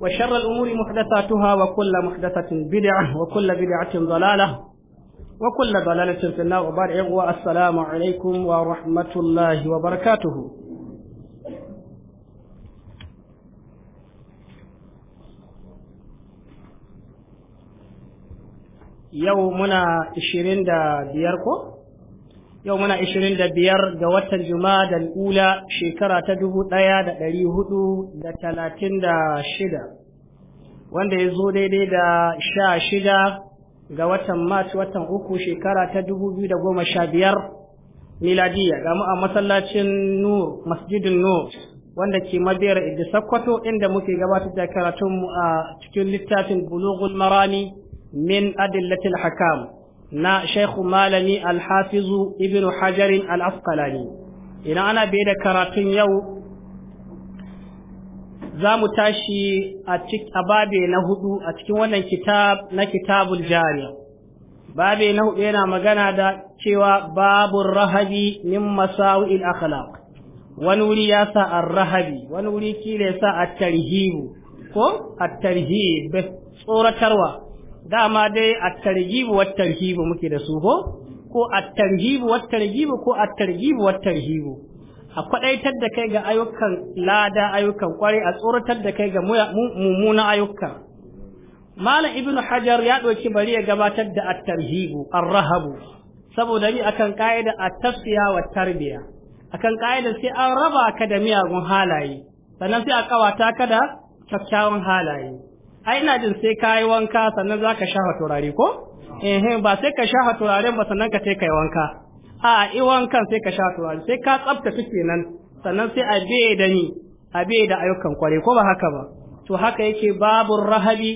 وشر الأمور محدثاتها وكل محدثة بدعة وكل بدعة ضلالة وكل ضلالة في النار وبارع والسلام عليكم ورحمة الله وبركاته يومنا 25 ko yau muna ishirin da biyar ga watan Juma'a ula shekara ta ɗaya da da da ɗari hudu talatin shida, wanda ya zo daidai da shida ga watan Mars watan uku shekara ta biyar miladiya ga mu a masallacin Nur Masjidin Nur wanda ke mabiyar Idda Sakkwato inda muke gabatar da karatunmu a cikin littafin bulugun marani min Adillatil Hakam na shaikhu malami alhafizu ibnu hajarin al-asqalani idan ana bai da karatun yau za mu tashi a babe na hudu a cikin wannan kitab na kitabul jari. babe na hudu yana magana da cewa babu rahabi min masawil akhlaq wani wuri ya sa a rahabi wani wuri kila ya sa a tarhib ko at-tarhib tsoratarwa dama dai a targibu wa tarhib muke da su ko ko a targhib wa ko a targibu wa tarhib a kwadaitar da kai ga ayyukan lada ayyukan kware a tsoratar da kai ga mummunan ayyuka malam ibnu hajar ya ɗauki bari ya gabatar da at tarhibu ar rahabu. saboda ni akan kaida at-tasfiya wa tarbiya akan kaida sai an raba ka da miyagun halaye sannan sai a kawata ka da kyakkyawan halaye ai ina jin sai yi wanka sannan zaka shafa turare ko eh ba sai ka shafa turaren ba sannan ka sai kai wanka a i wankan sai ka shafa turare sai ka tsaftace kenan sannan sai a biye da ni a biye da ayyukan kware ko ba haka ba to haka yake babu rahabi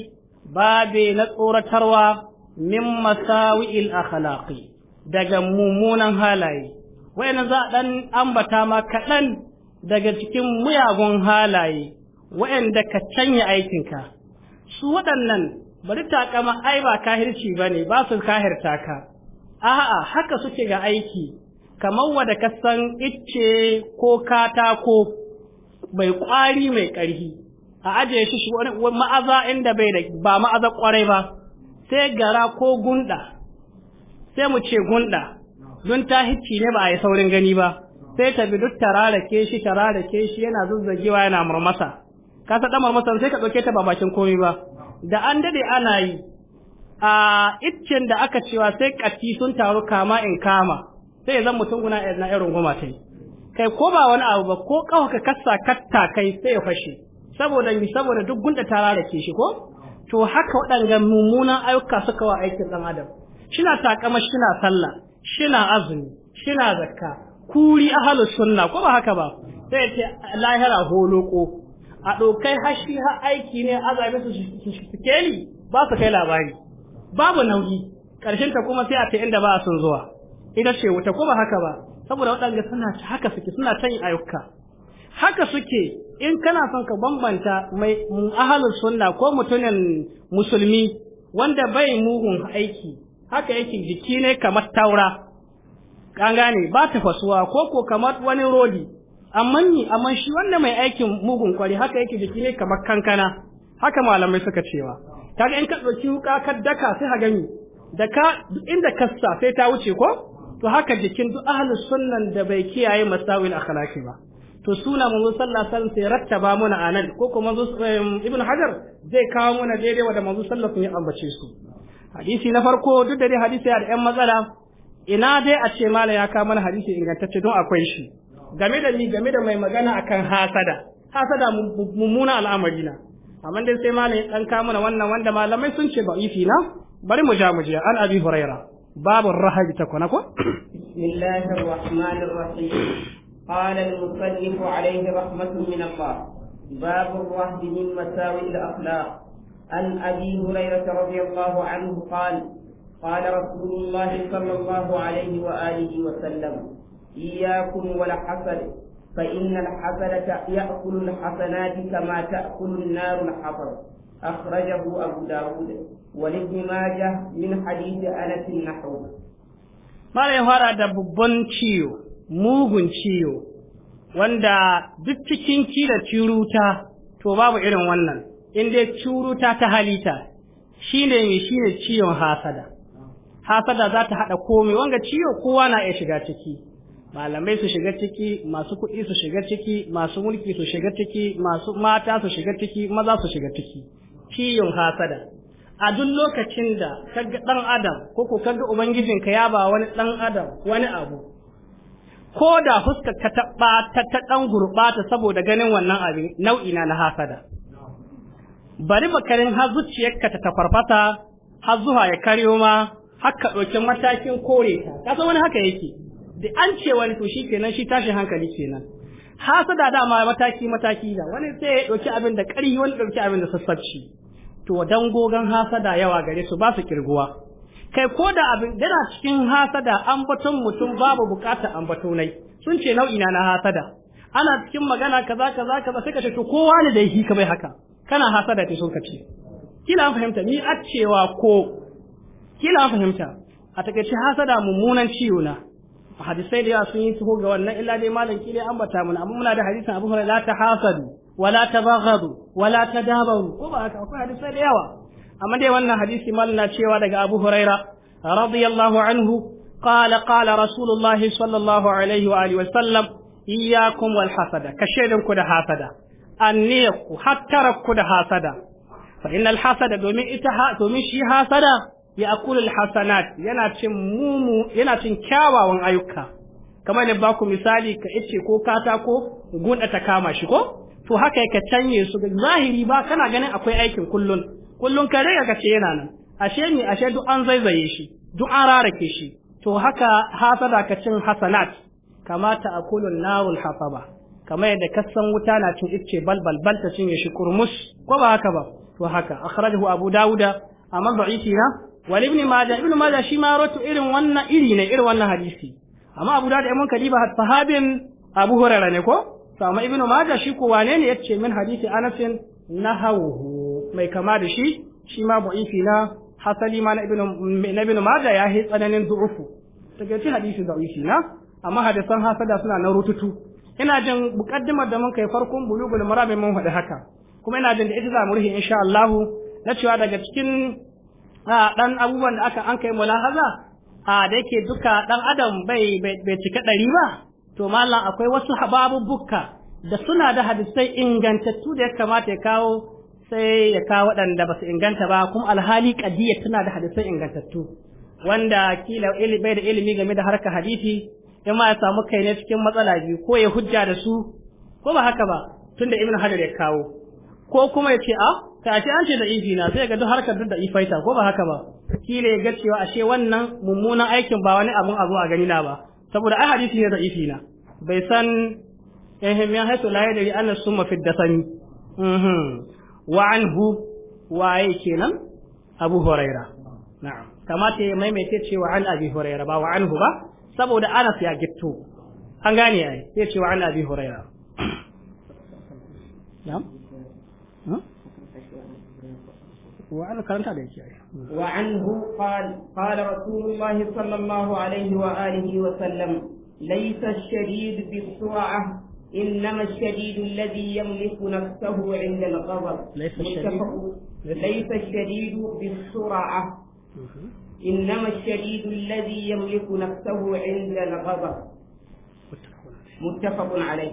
babe na tsoratarwa min masawi'il akhlaqi daga mummunan halaye wayannan za dan ambata ma kaɗan daga cikin muyagun halaye wayanda ka canya aikinka su waɗannan bari takama ai ba kahirci ba ne ba su kahirta ka a'a haka suke ga aiki kamar wada ka san icce ko katako mai ƙwari mai ƙarfi a ajiye shi ma'aza inda bai da ba ma'aza ƙwarai ba sai gara ko gunda sai mu ce gunda don ta hicci ne ba a yi saurin gani ba sai ta bi duk tararake shi tararake shi yana zuzzagewa yana murmasa ka ta ɗan sai ka ɗauke ta ba bakin komai ba da an daɗe ana yi a iccen da aka cewa sai kati sun taru kama in kama sai zan mutum guna na irin goma ta yi kai ko ba wani abu ba ko kawa ka kasa katta kai sai ya fashe saboda mi saboda duk gunda ta rarake shi ko to haka waɗanga mummunan ayyuka suka wa aikin ɗan adam shina takama shina sallah shina azumi shina zakka kuri ahlus sunna ko ba haka ba sai ce lahira holoko a ɗaukai hashi har aiki ne azabe su suke ni ba su kai labari babu nauyi ƙarshen ta kuma sai a ta inda ba a son zuwa ita ce wata kuma haka ba saboda waɗanda suna haka suke suna ta yin ayyuka haka suke in kana son ka bambanta mai ahalin sunna ko mutumin musulmi wanda bai muhun aiki haka yake jiki ne kamar taura an gane ba ta fasuwa ko ko kamar wani rodi amma ni amma shi wanda mai aikin mugun kwari haka yake jiki ne kamar kankana haka malamai suka cewa kaga in ka dauki wuka ka daka sai ha gani da ka inda kasta sai ta wuce ko to haka jikin duk ahlus sunnan da bai kiyaye masawil akhlaqi ba to suna mu sallallahu alaihi wasallam sai rattaba muna anan ko kuma manzo ibn hajar zai kawo mana daidai wa da manzo sallallahu alaihi wasallam ya ambace su hadisi na farko duk da dai hadisi ya da yan matsala ina dai a ce mala ya kawo mana hadisi ingantacce don akwai shi game da ni game da mai magana akan hasada hasada mummuna al'amari na amma dai sai malai dan ka mana wannan wanda malamai sun ce ba ifi na bari mu ja mu je an abi huraira babu rahaj ta kwana ko bismillahir rahmanir قال المصنف عليه رحمة من الله باب الرهب من مساوئ الأخلاق عن أبي هريرة رضي الله عنه قال قال رسول الله صلى الله عليه وآله وسلم إياكم والحسد فإن الحسنة يأكل الحسنات كما تأكل النار الحطب أخرجه أبو داود ولابن ماجه من حديث أنس النحو ما لا يهار تشيو mugun ciwo wanda duk cikin ci da ciruta توباب babu irin wannan in dai ciruta ta halita shine mai shine ciwon hasada hasada za ta haɗa komai wanga ciwo kowa na iya shiga ciki malamai su shiga ciki masu kuɗi su shiga ciki masu mulki su shiga ciki masu mata su shiga ciki maza su shiga ciki kiyun hasada a duk lokacin da kaga dan adam ko ko kaga ka ya ba wani dan adam wani abu ko da huskar ka ta ta ta dan gurbata saboda ganin wannan abin nau'i na na hasada bari bakarin har zuciyarka ta tafarfata har zuwa ya karyo ma har ka ɗauki matakin kore ta ka san wani haka yake da an ce wani to kenan shi tashin hankali kenan hasada dama mataki mataki da wani sai ya dauki abin da ƙari wani dauki abin da sassabci to dan gogan hasada yawa gare su ba su kirguwa kai ko da abin yana cikin hasada an baton mutum babu bukata an batonai sun ce nau'i na hasada ana cikin magana kaza kaza kaza sai ka ce to kowa ne da yake ka haka kana hasada ke sun ka ce kila an fahimta ni a cewa ko kila an fahimta a takaice hasada mummunan ciwo na hadisai da yawa sun yi tuho ga wannan illa dai malam kile bata mun amma muna da hadisin Abu Hurairah la tahasadu wala tabaghadu wala tadabaru ko ba haka akwai hadisai da yawa amma dai wannan hadisi malam na cewa daga Abu Hurairah radiyallahu anhu qala qala rasulullahi sallallahu alaihi wa alihi wa sallam iyyakum wal hasada kashedan ku da hasada anniyaku hattara ku da hasada fa innal hasada domin ita hasada ya akulul hasanat yana cin mumu yana cin kyawawan ayyuka kamar da baku misali ka ice ko ko gunda ta kama shi ko to haka yake canye su zahiri ba kana ganin akwai aikin kullun kullun ka riga ka ce yana nan ashe ni ashe duk an zaizaye shi duk an rarake shi to haka hasada ka cin hasanat kamata akulun narul hasaba kamar yadda kasan wuta na cin ice balbal bal ta cinye shi kurmus ko ba haka ba to haka akhrajahu abu dauda amma da'ifi na wal ibn majah ibn majah shi ma rawatu irin wannan iri ne irin wannan hadisi amma abu da mun kadiba sahabin abu hurairah ne ko to amma ibn majah shi ko wane ne yace min hadisi anas nahawu mai kama da shi shi ma bu'ifi na hasali ma na ibn na majah ya yi tsananin du'ufu to ga hadisi da'ifi na amma hadisan hasada suna na rututu ina jin mukaddimar da mun kai farkon bulugul marami mun faɗi haka kuma ina jin da ita za mu rufe insha Allah na cewa daga cikin a dan abubuwan da aka an kai mulahaza a da yake duka dan adam bai bai cika ɗari ba to malam akwai wasu bukka da suna da hadisai ingantattu da ya kamata ya kawo sai ya kawo waɗanda ba su inganta ba kuma alhali kadiyya tana da hadisai ingantattu wanda kila bai da ilimi game da harka hadisi in ma ya samu kai ne cikin matsala biyu ko ya hujja da su ko ba haka ba tunda ibn hajar ya kawo ko kuma ya ce a ta ce an ce da ifi na sai ga duk harkar duk da ita ko ba haka ba kila ya ga cewa ashe wannan mummunan aikin ba wani abun abu a gani na ba saboda ai hadisi ne da ifi na bai san me ya haitu la yadri anna summa fi dasani mhm wa anhu waye kenan abu huraira na'am kamata ya maimaita cewa an abi huraira ba wa anhu ba saboda anas ya gitto an gane ai sai cewa an abi huraira na'am وعلى كلام وعنه قال قال رسول الله صلى الله عليه وآله وسلم ليس الشديد بالسرعة إنما الشديد الذي يملك نفسه عند الغضب ليس الشديد ليس الشديد بالسرعة إنما الشديد الذي يملك نفسه عند الغضب متفق عليه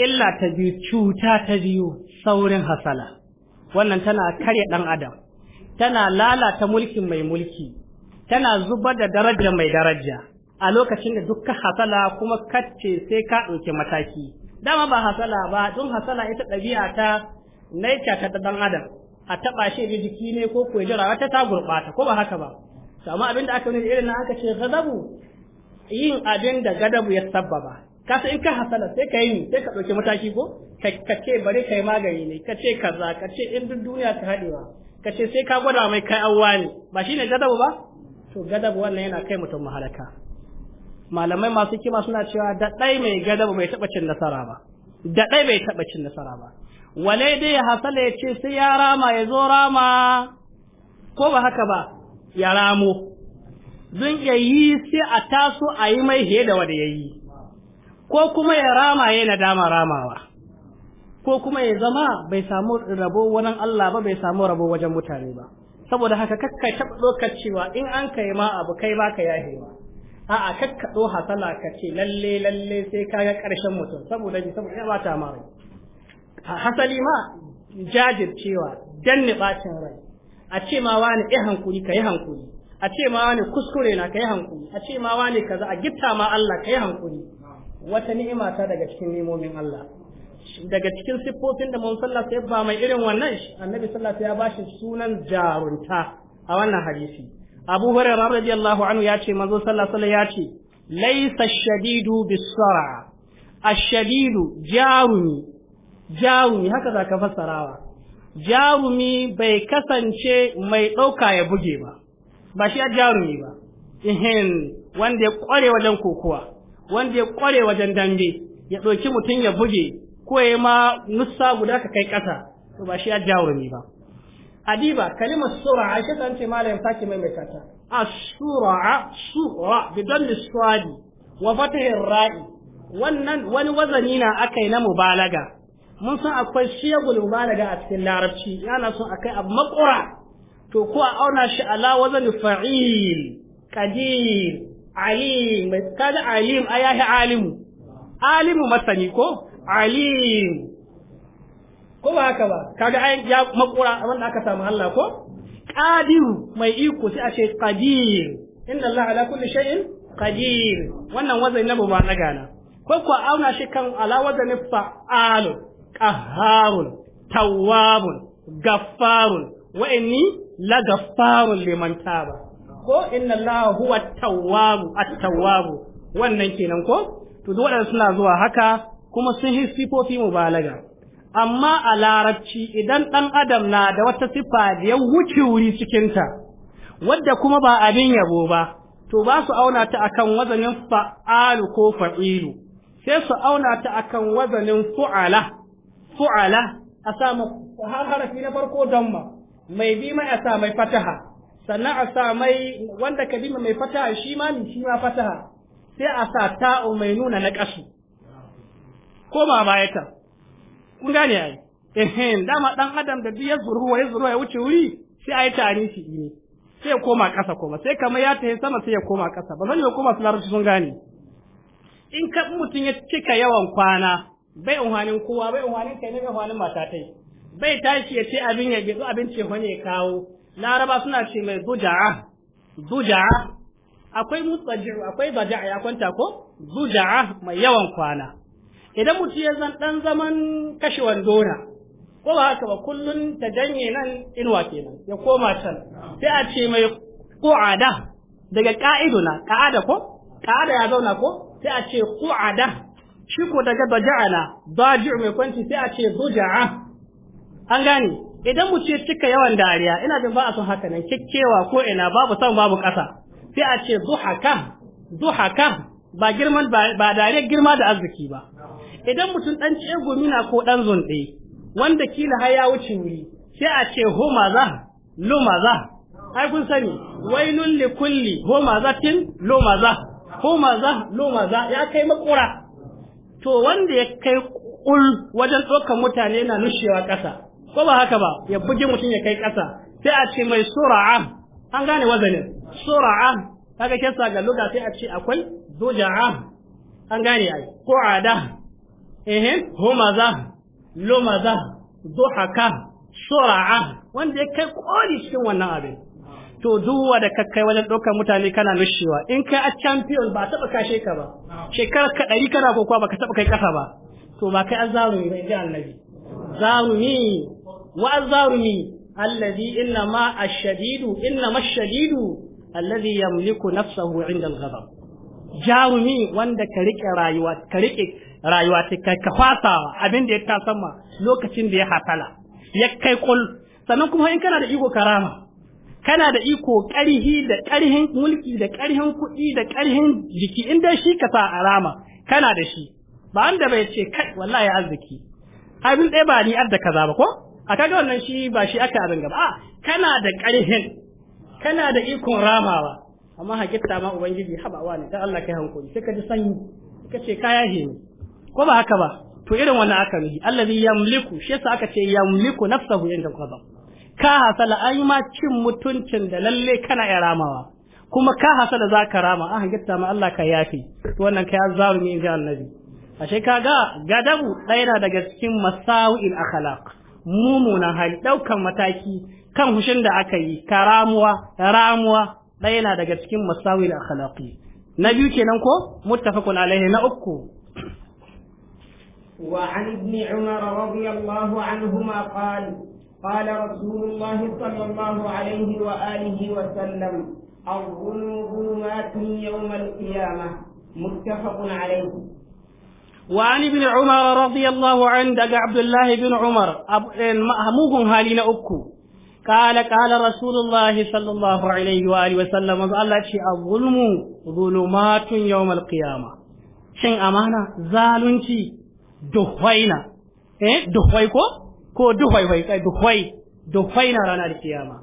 إلا تبي تشوتا تبيو saurin hasala wannan tana karya ɗan adam tana lalata mulkin mai mulki tana zubar da daraja mai daraja a lokacin da duka hasala kuma kacce sai ka ɗauki mataki dama ba hasala ba don hasala ita ɗabi'a ta naita ta ɗan adam a taɓa shi da jiki ne ko kuwa jira wata ta gurɓata ko ba haka ba to amma da aka nuna irin na aka ce gadabu yin abin da gadabu ya ba ka in ka hasala sai ka yi ni, sai ka ɗauki mataki ko ka ce bari kai magani ne ka ce kaza ka ce in duk duniya ta haɗewa ka ce sai ka gwada mai kai awwa ne ba shi ne gadabu ba to gadabu wannan yana kai mutum mahalaka malamai masu kima suna cewa daɗai mai gadabu bai taɓa cin nasara ba da ɗai bai taɓa cin nasara ba wale dai ya hasala ya ce sai ya rama ya zo rama ko ba haka ba ya ramo zan iya yi sai a taso a yi mai fiye da wanda ya ko kuma ya rama ya nadama ramawa ko kuma ya zama bai samu rabo wurin Allah ba bai samu rabo wajen mutane ba saboda haka kakka taɓa ɗaukar cewa in an kai ma abu kai ba ka yahe ma a'a kakka ɗo hasala ka ce lalle lalle sai ka ga ƙarshen mutum saboda ji saboda ya bata ma rai hasali ma jajircewa danne bacin rai a ce ma wani eh hankuri ka yi hankuri a ce ma wani kuskure na ka yi hankuri a ce ma wani kaza a gitta ma Allah ka yi hankuri wata ni'ima ta daga cikin nimomin Allah daga cikin siffofin da mun sallah sai ba mai irin wannan annabi sallallahu ya bashi sunan jarunta a wannan hadisi Abu Hurairah radiyallahu anhu ya ce manzo sallallahu alaihi ya ce laysa shadidu bis-sara ash-shadidu jarumi jarumi haka za zaka fassarawa jarumi bai kasance mai ɗauka ya buge ba ba shi jarumi ba ihin wanda ya kware wajen kokowa wanda ya kware wajen dambe ya ɗauki mutum ya buge ko ya ma nussa guda ka kai ƙasa to ba shi ya jawo ni ba adiba kalimar sura a ce malam sake mai ta a sura sura bidon liswadi wa fatahin ra'i wannan wani wazani na aka yi na mubalaga mun san akwai shegul mubalaga a cikin larabci yana son akai abu makura to ko a auna shi ala wazani fa'il qadir alim bai alim a yahi alimu alimu masani ko alim ko ba haka ba kaga ai ya makura wanda aka samu Allah ko qadir mai iko sai a ce qadir inna Allah ala kulli shay'in qadir wannan wazani na ba na gana ko ko auna shi kan ala wazani fa'al qaharun tawwabun gaffarun wa inni la gaffarun liman taba ko inna Allah huwa tawwabu at-tawwabu wannan kenan ko to duk suna zuwa haka kuma sun yi sifofi mubalaga amma a larabci idan ɗan adam na da wata sifa da ya wuce wuri ta wadda kuma ba abin yabo ba to ba su auna ta akan wazanin fa'alu ko fa'ilu sai su auna ta akan wazanin fu'ala fu'ala a har harafi na farko damma mai bi mai mai fataha sannan a sa mai wanda kalima mai fataha shi ma min shi ma fataha sai a sa ta'u mai nuna na ƙasu ko ma baya ta kun gane ai ehem dama dan adam da duk ya zurhuwa ya zurhuwa ya wuce wuri sai a yi tare shi ne sai ya koma ƙasa kuma sai kamar ya tafi sama sai ya koma ƙasa ba zan ya koma su sun gane in ka mutum ya cika yawan kwana bai unhanin kowa bai unhanin kai ne bai unhanin matatai bai tashi ya ce abin ya gizo abinci wani ya kawo laraba suna ce mai duja'a duja'a akwai mutsajiru akwai baja'a ya kwanta ko duja'a mai yawan kwana idan mutum ya zan dan zaman kashe wandona ko ba haka ba kullun ta janye nan inuwa kenan ya koma can sai a ce mai qu'ada daga ka'iduna ka'ada ko ka'ada ya zauna ko sai a ce qu'ada shi ko daga baja'ala baji'u mai kwanci sai a ce duja'a an gane idan mu ce cika yawan dariya ina jin ba a son haka nan kekkewa ko ina babu san babu ƙasa sai a ce duha ka? ba girman ba dariyar girma da arziki ba idan mutum dan ce gomina ko dan zonde wanda kila har ya wuce wuri sai a ce ho maza lo maza ai kun sani wailul li kulli ho maza tin? lo maza ho maza lo maza ya kai makura to wanda ya kai kul wajen tsokan mutane na nushewa ƙasa ko ba haka ba ya bugi mutum ya kai ƙasa sai a ce mai sura'a an gane wazanin sura'a kaga kessa ga luga sai a ce akwai zuja'a an gane ai ko ada maza. humaza lumaza duhaka sura'a wanda ya kai koli cikin wannan abin to duwa da kakkai wajen ɗaukar mutane kana nushewa in kai a champion ba taɓa kashe ka ba shekarar ka ɗari kana kokowa ba ka taɓa kai ƙasa ba to ba kai an ne ba in ji annabi zarumi والظالمي الذي إنما الشديد إنما الشديد الذي يملك نفسه عند الغضب jarumi wanda ka rike rayuwa ka rike rayuwa ta ka fasawa abin da ya tasama lokacin da ya hasala ya kai kul sannan kuma in kana da iko karama kana da iko ƙarhi da ƙarhin mulki da ƙarhin kuɗi da ƙarhin jiki in dai shi ka sa kana da shi ba bai ce kai wallahi arziki abin ɗaya ba ni adda kaza ba ko a kaga wannan shi ba shi aka abin gaba a kana da ƙarhin kana da ikon ramawa amma hakita ma ubangiji haba wa ne dan Allah kai hankali sai ka ji sanyi ka ce kaya he ko ba haka ba to irin wannan aka mihi allazi yamliku shi yasa aka ce yamliku nafsahu inda qada ka hasala ai ma cin mutuncin da lalle kana ya ramawa kuma ka hasala ka rama a hakita ma Allah ka yafi to wannan kai azzarumi in ji annabi ashe kaga gadabu ɗaya daga cikin masawil akhlaq mumunan hali ɗaukan mataki kan hushin da aka yi karamuwa ramuwa ɗaya na daga cikin masawil akhlaqi na biyu kenan ko muttafaqun alaihi na uku وعن ابن عمر رضي الله عنهما قال قال رسول الله صلى الله عليه وآله وسلم الظلم ظلمات يوم القيامة متفق عليه وعن ابن عمر رضي الله عنه دق عبد الله بن عمر مأهموه هالين أكو قال قال رسول الله صلى الله عليه وآله وسلم الله شيء الظلم ظلمات يوم القيامة شن أمانة زالنتي دخوينا إيه دخويكو كو دخوي وي دخوي دخوينا رانا القيامة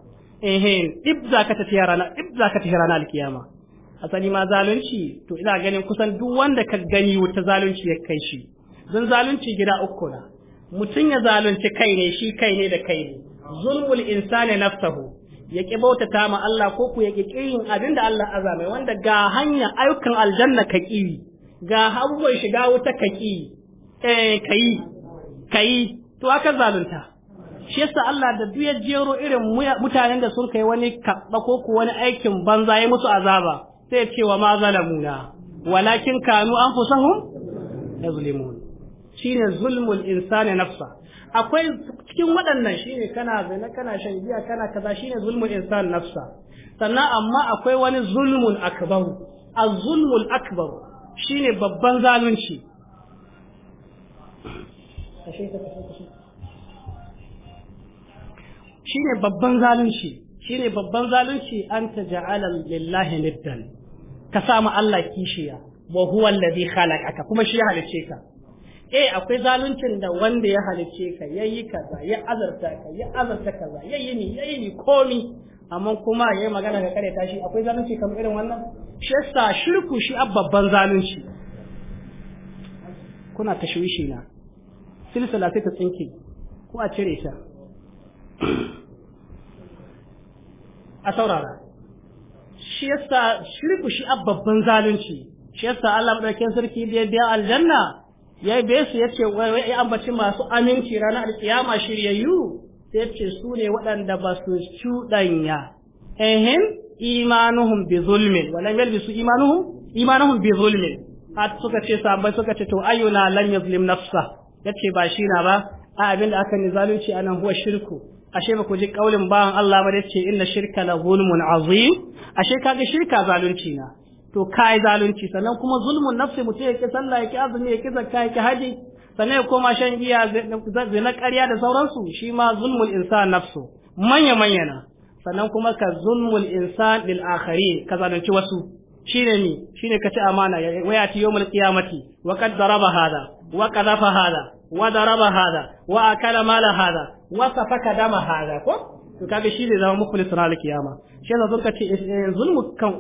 إيه إبزا كتتيا رانا إبزا كتتيا رانا القيامة asali ma zalunci to ina ganin kusan duk wanda ka gani wata zalunci ya kai shi zan zalunci gida uku na mutum ya zalunci kai ne shi kai ne da kai ne zulmul insani nafsahu ya ki ta ma Allah ko ku ya ki yin abin da Allah azamai wanda ga hanya ayyukan aljanna ka ki ga abubuwan shiga wuta ka ki eh kai kai to aka zalunta shi yasa Allah da duk ya jero irin mutanen da sun kai wani kabba ko ku wani aikin banza ya musu azaba sai ce wa mazalamuna, walakin kanu an anfusahum yazlimun shine zulmul insani nafsa akwai cikin waɗannan shine kana zina kana shan giya kana kaza shine zulmul insani nafsa sannan amma akwai wani zulmun akbar az-zulmul akbar shine babban zalunci shine babban zalunci shine babban zalunci an ta ja'ala lillahi niddan ka samu Allah kishiya wa huwa allazi khalaqaka kuma shi ya halice ka eh akwai zaluncin da wanda ya halice ka yayi kaza ya azarta ka ya azarta kaza yayi ni yayi ni komi amma kuma yayi magana ga kare tashi akwai zalunci kamar irin wannan shi yasa shirku shi babban zalunci kuna tashwishi na silsila sai ta tsinke ko a cire ta a saurara shi yasa shirku shi a babban zalunci shi yasa Allah madaukakin sarki da ya biya aljanna ya be su yace wai wai ambaci masu aminci ranar alkiyama shiryayyu sai ce su ne waɗanda ba su cuɗanya ehin imanuhum bi zulmin walam yalbisu imanuhum imanuhum bi zulmin har suka ce bai suka ce to ayyuna lam yuzlim nafsa yace ba shi na ba a abin da aka ni zalunci anan huwa shirku ashe ba ku ji kaulin bawan Allah ba da ce inna shirka la zulmun azim ashe ka ga shirka zalunci na to kai zalunci sannan kuma zulmun nafsi mutum yake sallah yake azumi yake zakka yake haji sannan ya koma shan giya zina ƙarya da sauransu shi ma zulmun insan nafsu manya manya na sannan kuma ka zulmun insan lil akhari ka zalunci wasu shine ne shine ka ci amana wayati yawmul qiyamati wa qad daraba hada wa qadafa hada wa daraba hada wa akala mala hada wa safaka dama hada ko to kaga shi ne zama mukhlis ranar kiyama shi yasa zurka ce zulmu kan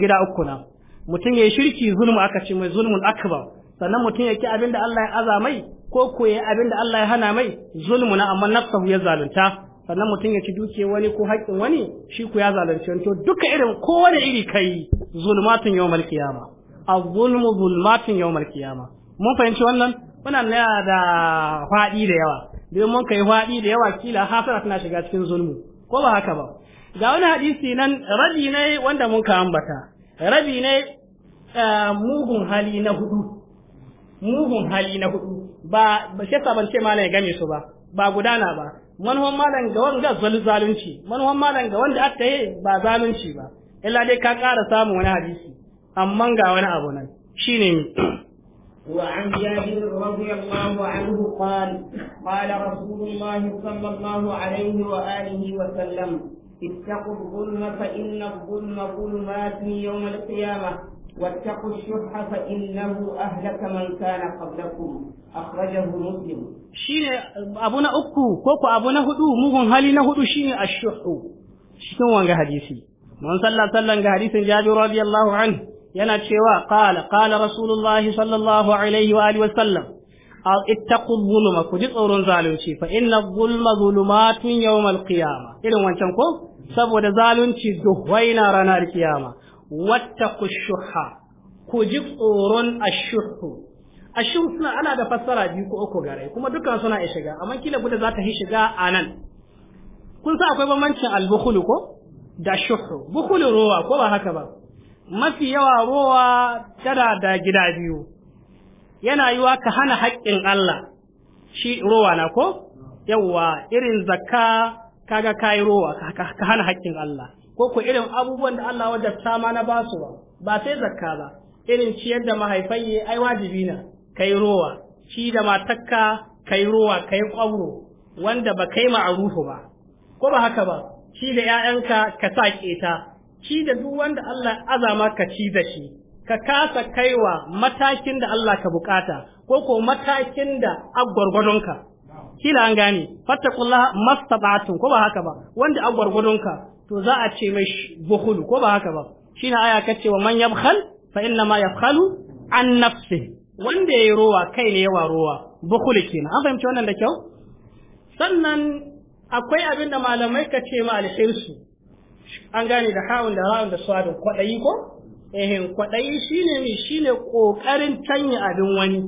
gida uku na mutum ya shirki zulmu aka ce mai zulmun akbar sannan mutum ya ki abinda Allah ya aza mai ko ko ya abinda Allah ya hana mai zulmu na amma nafsahu ya zalunta sannan mutum ya ci dukiyar wani ko haƙƙin wani shi ku ya zalunci to duka irin kowane iri kai zulmatun yawmal qiyama az-zulmu zulmatun yawmal qiyama mun fahimci wannan wannan na da faɗi da yawa domin mun kai faɗi da yawa kila hasara tana shiga cikin zulmu ko ba haka ba ga wani hadisi nan rabi ne wanda mun ka ambata rabi ne eh, mugun hali na hudu mugun hali na hudu ba ba shi ban ce malam ya game su ba ba gudana ba manuwan malam ga wanda zalunci manuwan malam ga wanda aka yi ba zalunci ba illa dai ka ƙara samun wani hadisi amma ga wani abu nan shine وعن جابر رضي الله عنه قال قال رسول الله صلى الله عليه وآله وسلم اتقوا الظلم فإن الظلم ظلمات يوم القيامة واتقوا الشح فإنه أهلك من كان قبلكم أخرجه مسلم شيء أبونا أكو كوكو أبونا هدو مهم هلنا هدو شيء الشح شنو عن حديثي من صلى صلى عن حديث جابر رضي الله عنه yana cewa qala qala rasulullahi sallallahu alaihi wa alihi wasallam ittaqu dhulma ku tsoron zalunci fa inna dhulma zulumatun yawmal qiyama irin wancan ko saboda zalunci duhwaina ranar kiyama wattaqu shuhha ku ji tsoron ashuhu ashin suna ana da fassara biyu ko uku gare kuma dukkan suna iya shiga amma kila guda za ta yi shiga a nan kun san akwai bambancin albukhulu ko da shuhu bukhulu ruwa ko ba haka ba mafi yawa rowa tana da gida biyu yana yiwa ka hana haƙƙin Allah shi rowa na ko yawwa irin zakka kaga kai rowa ka hana haƙƙin Allah ko ko irin abubuwan da Allah wajen ma na basuwa ba sai zakka ba irin ciyar da mahaifai ai wajibi na kai rowa shi da matakka kai rowa kai kwabro wanda ba kai ma'arufu ba ko ba haka ba shi da 'ya'yanka ka sa keta ci da duk wanda Allah azama ka ci da shi ka kasa kaiwa matakin da Allah ka bukata ko ko matakin da agwargwadonka kila an gane fattakullaha mastata'tum ko ba haka ba wanda agwargwadonka to za a ce mai bukhulu ko ba haka ba shine aya kace wa man yabkhal fa inna ma yabkhalu an nafsi wanda yayi rowa kai ne yawa rowa bukhulu kenan an fahimci wannan da kyau sannan akwai abin malamai ka ce ma alhirsu an gane da ha'un da ra'un da suwadin kwaɗayi ko ehin kwaɗayi shi ne ne ƙoƙarin canyi abin wani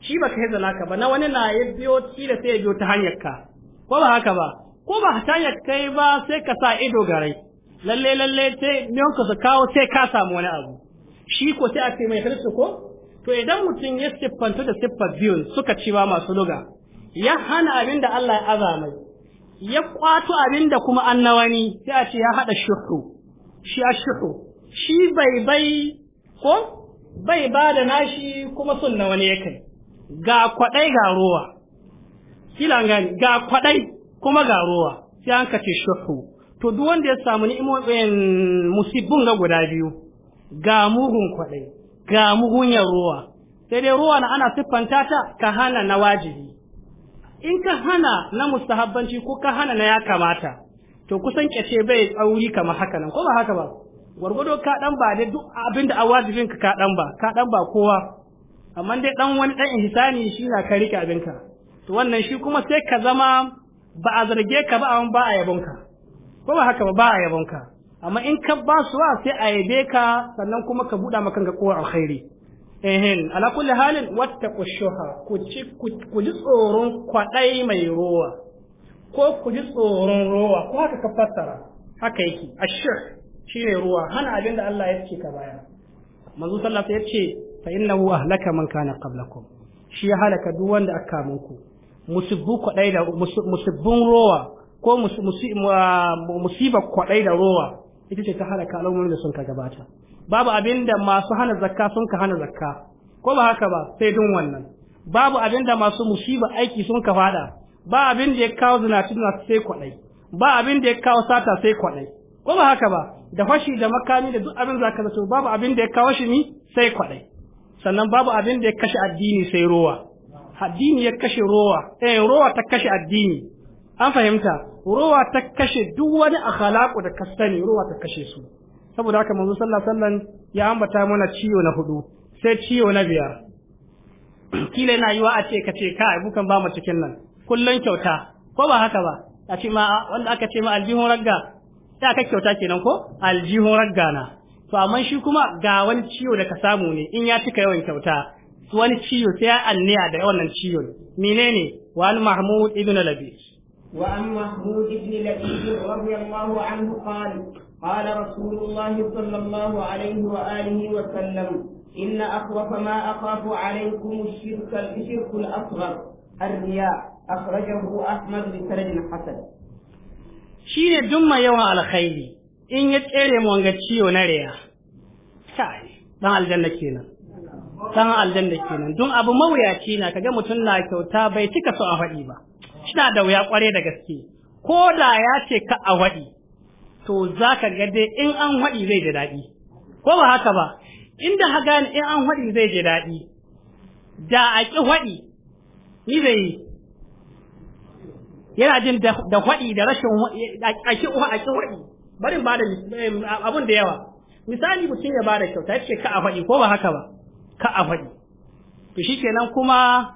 shi baka yi naka ba na wani na ya biyo da sai ya biyo ta hanyar ka ko ba haka ba ko ba ta hanyar kai ba sai ka sa ido garai lalle lalle sai miyon ka su kawo sai ka samu wani abu shi ko sai a ce mai hirsu ko to idan mutum ya siffantu da siffar biyun suka ci ba masu luga ya hana abin da Allah ya aza mai ya kwato abinda kuma an na wani sai a ce ya haɗa shuhu shi a shuhu shi bai bai ko bai ba da nashi kuma sun na wani yake ga kwaɗai ga ruwa kila gani ga kwaɗai kuma ga ruwa sai an kace shuhu to duk wanda ya samu ni'imomin eh, musibbun ga guda biyu ga mugun kwaɗai ga mugun ruwa sai dai ruwa na ana siffanta ta ka hana na wajibi in ka hana na mustahabbanci ko ka hana na ya kamata to kusan kyace bai tsauri kamar haka nan ko ba haka ba gwargwado ka dan ba da duk abin da awajibin ka ka dan ba ka dan ba kowa amma dai dan wani dan ihsani shi na ka rike abin ka to wannan shi kuma sai ka zama ba a zarge ka ba amma ba a yabon ka ko ba haka ba ba a yabon ka amma in ka ba suwa sai a yabe ka sannan kuma ka buɗa maka ga kowa alkhairi ehin ala kulli halin wattaqu shuha ku ci ku ji tsoron kwadai mai rowa ko ku ji tsoron rowa ko haka ka fassara haka yake shi shine ruwa hana abin da Allah ya ce ka baya manzo sallallahu ya ce fa innahu ahlaka man kana qablakum shi ya halaka duk wanda aka muku musibbu kwadai da musibbun rowa ko musiba kwadai da rowa ita ce ta halaka al'ummomin da sun ka gabata babu abinda masu hana zakka sun ka hana zakka ko ba haka ba sai dun wannan babu abinda masu musiba aiki sun ka fada ba abin da ya kawo zinaci sai kwaɗai ba abin da ya kawo sata sai kwaɗai ko ba haka ba da fashi da makami da duk abin zaka zato babu abin da ya kawo shi ni sai kwaɗai sannan babu abin da ya kashe addini sai rowa addini ya kashe rowa eh rowa ta kashe addini an fahimta rowa ta kashe duk wani akhalaku da ka sani rowa ta kashe su saboda haka manzo sallallahu alaihi wasallam ya ambata mana ciwo na hudu sai ciwo na biyar kila yana yiwa a ce ka ce kai bukan ba mu cikin nan kullun kyauta ko ba haka ba a ce ma wanda aka ce ma aljihun ragga sai ka kyauta kenan ko aljihun ragga na to amma shi kuma ga wani ciwo da ka samu ne in ya cika yawan kyauta wani ciwo sai ya anniya da wannan ciwon menene wa al mahmud ibn labis wa an mahmud ibn labis radiyallahu anhu qala قال رسول الله صلى الله عليه وآله وسلم إن أخوف ما أخاف عليكم الشرك الشرك الأصغر الرياء أخرجه أحمد بسند حسن شيء دم يوم على خيري in ya tsere mu ciwo na reya kai dan aljanna kenan dan aljanna kenan don abu mawuyaci na ga mutum na kyauta bai cika so a faɗi ba shina da wuya kware da gaske ko da ya ce ka a faɗi to za ka ga in an haɗi zai je daɗi ko ba haka ba inda ha gane in an haɗi zai je daɗi da a ƙi haɗi ni zai yi yana jin da haɗi da rashin a ƙi haɗi barin ba da abin da yawa misali mutum ya bada kyauta ta ce ka a haɗi, ko ba haka ba ka a haɗi? to shi kenan kuma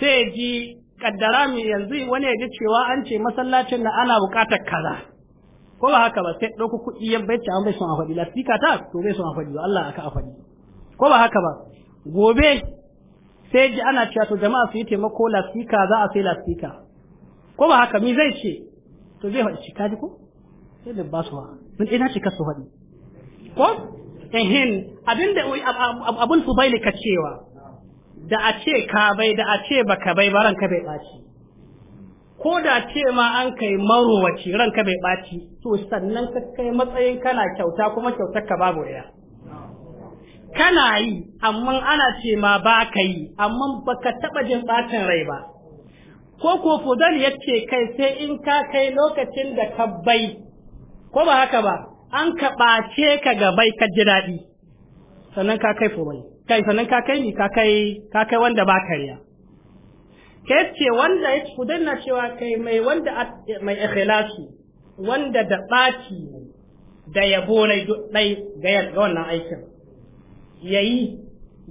sai ya ji kaddara mai yanzu wani ya ji cewa an ce masallacin na ana buƙatar kaza ko ba haka ba sai ɗauko kuɗi ya bai an bai son a faɗi lafika ta to bai son a faɗi Allah aka a faɗi ko ba haka ba gobe sai ji ana cewa to jama'a su yi taimako lafika za a sai lafika ko ba haka mi zai ce to zai faɗi cika ji ko sai da ba su ba mun ina cika su faɗi ko ehin abinda abun su bai ka cewa da a ce ka bai da a ce baka bai baran ka bai ɓaci ko da ce ma an kai marowaci ka bai ɓaci to sannan ka kai matsayin kana kyauta kuma kyautar ka babu ya kana yi amma ana ce ma ba ka yi amma baka taɓa jin ɓacin rai ba ko ko fudal ya ce kai sai in ka kai lokacin da ka bai ko ba haka ba an ka ɓace ka gabai ka ji daɗi sannan ka kai fumai kai sannan ka kai ni ka kai ka kai wanda ba kariya kai ce wanda ya ku danna cewa kai mai wanda mai ikhlasi wanda da baci da yabo ne dai ga wannan aikin yayi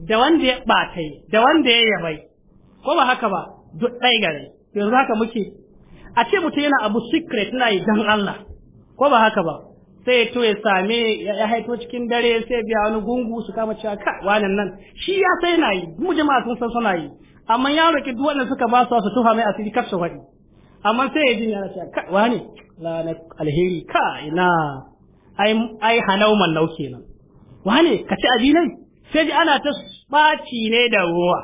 da wanda ya ɓatai da wanda ya yabai ko ba haka ba duk ga dai. yanzu haka muke a ce mutum yana abu secret na yi dan Allah ko ba haka ba sai ya to ya same ya haito cikin dare sai biya wani gungu su kama cewa ka wannan nan shi ya sai na yi mu jama'a sun san suna yi amma ya roki duk wanda suka ba su tufa tuha mai asiri kar su faɗi amma sai ya ji yana cewa ka wani la na alheri ka ina ai ai hanau man nau kenan wani ka ci abinai sai ji ana ta ɓaci ne da ruwa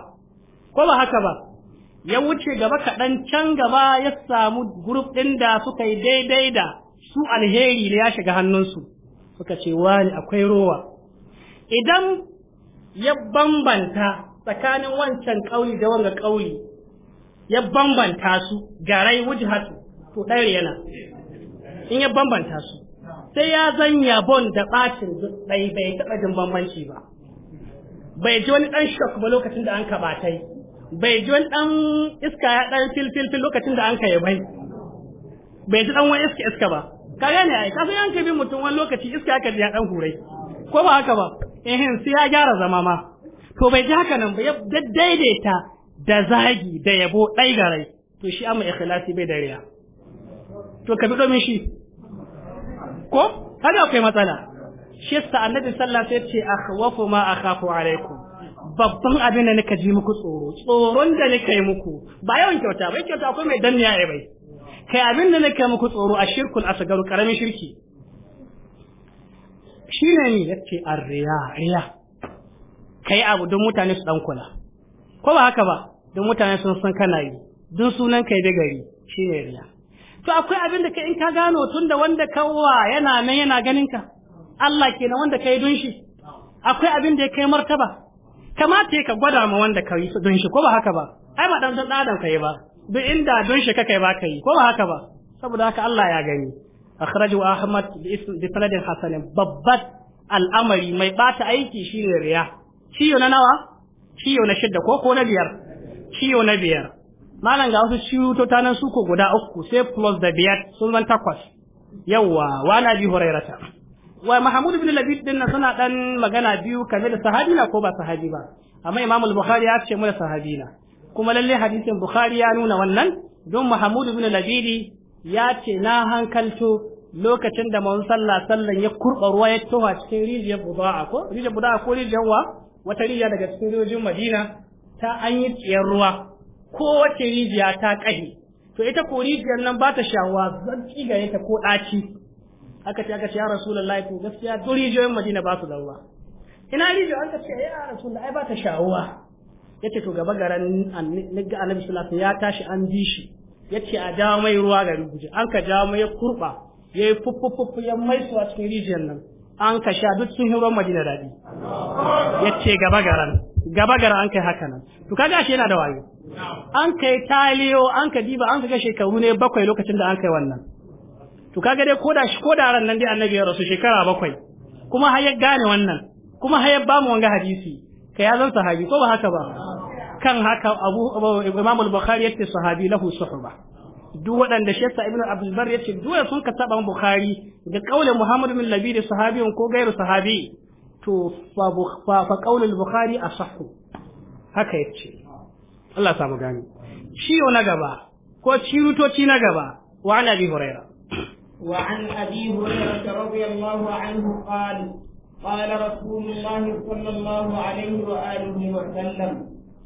ko ba haka ba ya wuce gaba kaɗan can gaba ya samu guruf ɗin da suka yi daidai da su alheri ne ya shiga hannunsu suka ce wani akwai ruwa. idan ya bambanta tsakanin wancan kauli da wanga kauli ya bambanta su garai wujhatu to ɗayar yana in ya bambanta su sai ya zan yabon da ɓacin ɗai bai taɓa jin bambanci ba bai ji wani ɗan shock ba lokacin da an kabatai bai ji wani ɗan iska ya ɗan filfilfil lokacin da an ka yabai bai ji ɗan wani iska iska ba ka gane ai ka san yanka bi mutum wani lokaci iska ya ka ya ɗan hurai ko ba haka ba ehin sai ya gyara zama ma to bai ji haka nan ba ya daidaita da zagi da yabo ɗai rai, to shi amma ikhlasi bai da to ka bi domin shi ko haka akwai matsala shi sa annabi sallallahu alaihi wasallam ya ce akhwafu ma akhafu alaikum babban abin da nika ji muku tsoro tsoron da nika yi muku ba yawan kyauta bai kyauta akwai mai danniya ya bai kai abin da nika muku tsoro a shirkul asgaru karamin shirki shine ne yace arriya riya yi abu don mutane su ɗan kula ko ba haka ba don mutane sun san kana yi don sunan ka yi da gari shi ne riya to akwai abin da ka in ka gano tun da wanda kawwa yana nan yana ganin ka Allah kenan wanda yi don shi akwai abin da ya kai martaba kamata ka gwada ma wanda yi don shi ko ba haka ba ai ba ɗan ka yi ba duk inda don shi kai ba yi ko ba haka ba saboda haka Allah ya gani akhrajahu Ahmad bi ism bi sanadin hasan babbat al'amari mai bata aiki ne riya ciyo na nawa ciyo na shidda ko ko na biyar ciyo na biyar malam ga wasu ciwutota nan su ko guda uku sai plus da biyar sun zan takwas yawwa wa wala bi hurairata wa mahmud ibn labid din suna dan magana biyu kame da sahabina ko ba sahabi ba amma imam al-bukhari ya ce mu da na kuma lalle hadisin bukhari ya nuna wannan don mahmud ibn labid ya ce na hankalto lokacin da mun sallah sallan ya kurba ruwa ya towa cikin rijiyar buda'a ko rijiyar buda'a ko rijiyar wa wata rijiya daga cikin rijiyar madina ta an yi tsiyar ruwa ko kowace rijiya ta ƙahi. to ita ko rijiyar nan ba ta shawa zan ga ta ko ɗaci aka ce aka ce ya rasulullahi to gaskiya duk rijiyoyin madina ba su da ruwa ina rijiyar an ka ce ya rasulullahi ai ba ta shawuwa yace to gaba garan annabi annabi sallallahu ya tashi an bi shi yace a jawo mai ruwa ga rubuje an ka jawo mai kurba yayi fuffufu ya mai su a cikin rijiyar nan an ka sha duk sun hirar madina daɗi ya ce gaba garan gaba garan an kai haka nan to kaga shi yana da wayo an kai taliyo an ka diba an kaga shekaru ne bakwai lokacin da an kai wannan to kaga dai koda shi koda ran nan dai annabi ya rasu shekara bakwai kuma har ya gane wannan kuma har ya bamu wanga hadisi kai ya zan sahabi ko ba haka ba kan haka abu imam al-bukhari yace sahabi lahu suhba duk waɗanda shekta ibn abdulbar ya ce duk sun ka saba bukhari ga kaulin muhammad bin labi da sahabiyon ko gairu sahabi to fa fa kaulin bukhari a sahu haka ya ce Allah samu gani ciwo na gaba ko cirutoci na gaba wa an abi huraira wa an abi huraira radiyallahu anhu qala قال رسول الله صلى الله عليه وآله وسلم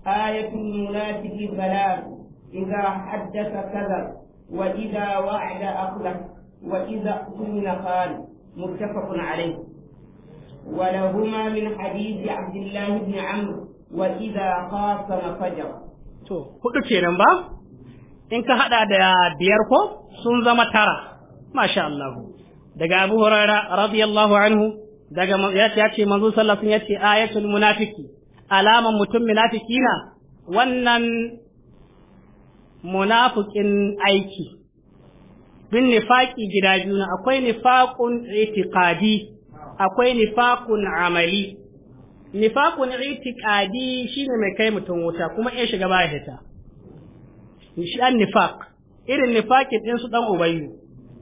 آية المنافق ثلاث إذا حدث كذب وإذا وعد أخلف وإذا اؤتمن قال متفق عليه ولهما من حديث عبد الله بن عمرو وإذا خاصم فجر to hudu kenan ba in ka haɗa da biyar ko sun zama tara masha daga Abu Hurairah radiyallahu anhu daga ya ce manzo sallallahu alaihi wasallam ya ce ayatul munafiki alaman mutum munafiki na wannan munafikin aiki bin nifaqi gida juna, akwai nifakun itiqadi akwai nifakun amali Nifakun itiqadi shine mai kai mutum wuta kuma ya shiga ba hita shi an nifaq irin nifaqin din su dan ubayyu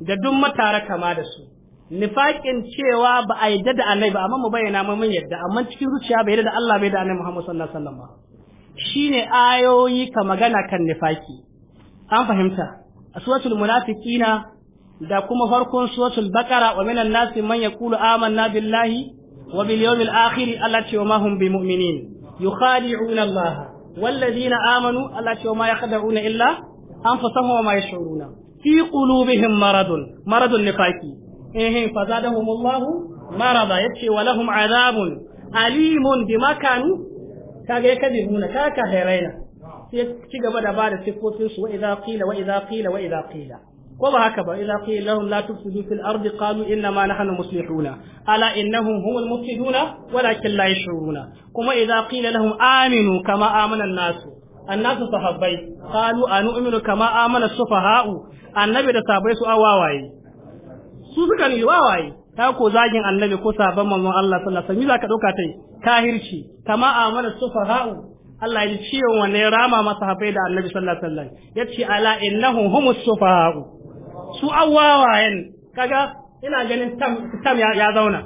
da duk matara kama da su nifaƙin cewa ba a yadda da annabi ba amma mu bayyana mu mun yadda amma cikin zuciya bai yadda da Allah bai da annabi Muhammad sallallahu alaihi wasallam ba shine ayoyi ka magana kan nifaki an fahimta suratul munafiqina da kuma farkon suratul baqara wa minan nasi man yaqulu amanna billahi wa bil yawmil akhir Allah ce wa ma hum bimu'minin yukhadi'una Allah والذين آمنوا الله ce ma yakhda'una illa anfusahum wa ma yash'uruna fi qulubihim maradun maradun nifaqi eh, eh fa zadahum Allah marada yace wa lahum adabun alimun bima kanu kage kadibuna kaka hairaina ya ci gaba da ba da siffofin su wa idza qila wa qila wa qila ko ba haka ba idza qila lahum la tufsidu fil ardi qalu inna ma nahnu muslihuna ala innahum humul mufsiduna walakin la yashuruna kuma idza qila lahum aminu kama amana an-nasu annasu sahabbai qalu anu'minu kama amana sufaha'u annabi da sahabbai su awawaye su suka ni wawaye ta ko zagin annabi ko sabon manzon Allah sallallahu alaihi wasallam zaka dauka tai kahirci kama amana sufaha'u Allah ya ji ciwon wannan rama masa hafai da annabi sallallahu alaihi wasallam yace ala innahum humus sufaha'u su awawayen kaga ina ganin tam tam ya, ya zauna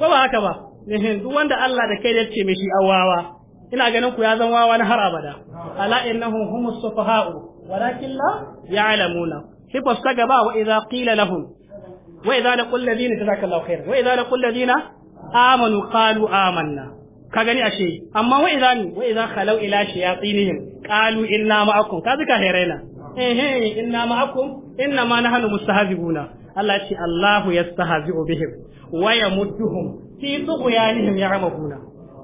ko ba haka ba duk wanda Allah da kai yace mishi awawa ina ganin ku ya zan wawa na har abada ala innahum humus sufaha'u walakin la ya'lamuna sifas ta gaba wa idza qila lahum wa idza laqul ladina jazakallahu khairan wa idza laqul ladina amanu qalu amanna ka gani ashe amma wa idza ni wa idza khalau ila shayatinihim qalu inna ma'akum ka zika herena eh eh inna ma'akum inna ma nahnu mustahzibuna Allah ya ce Allahu yastahzi'u bihim wa yamudduhum fi tughyanihim ya'mahuna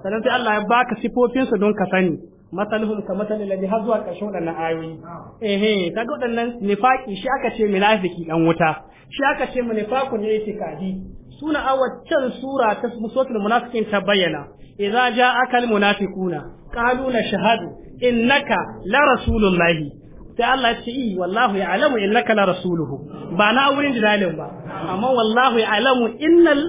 sannan sai Allah ya baka sifofinsa don ka sani masalhum ka masalin ladhi har zuwa ƙarshen waɗannan ayoyi eh eh waɗannan nifaqi shi aka ce munafiki dan wuta shi aka ce munafaqun ne itikadi suna awa can sura ta suratul munafikin ta bayyana idza ja'aka almunafiquna qalu nashhadu innaka la rasulullahi sai Allah ya ce i wallahu ya'lamu innaka la rasuluhu ba na wurin jidalin ba amma wallahu ya'lamu innal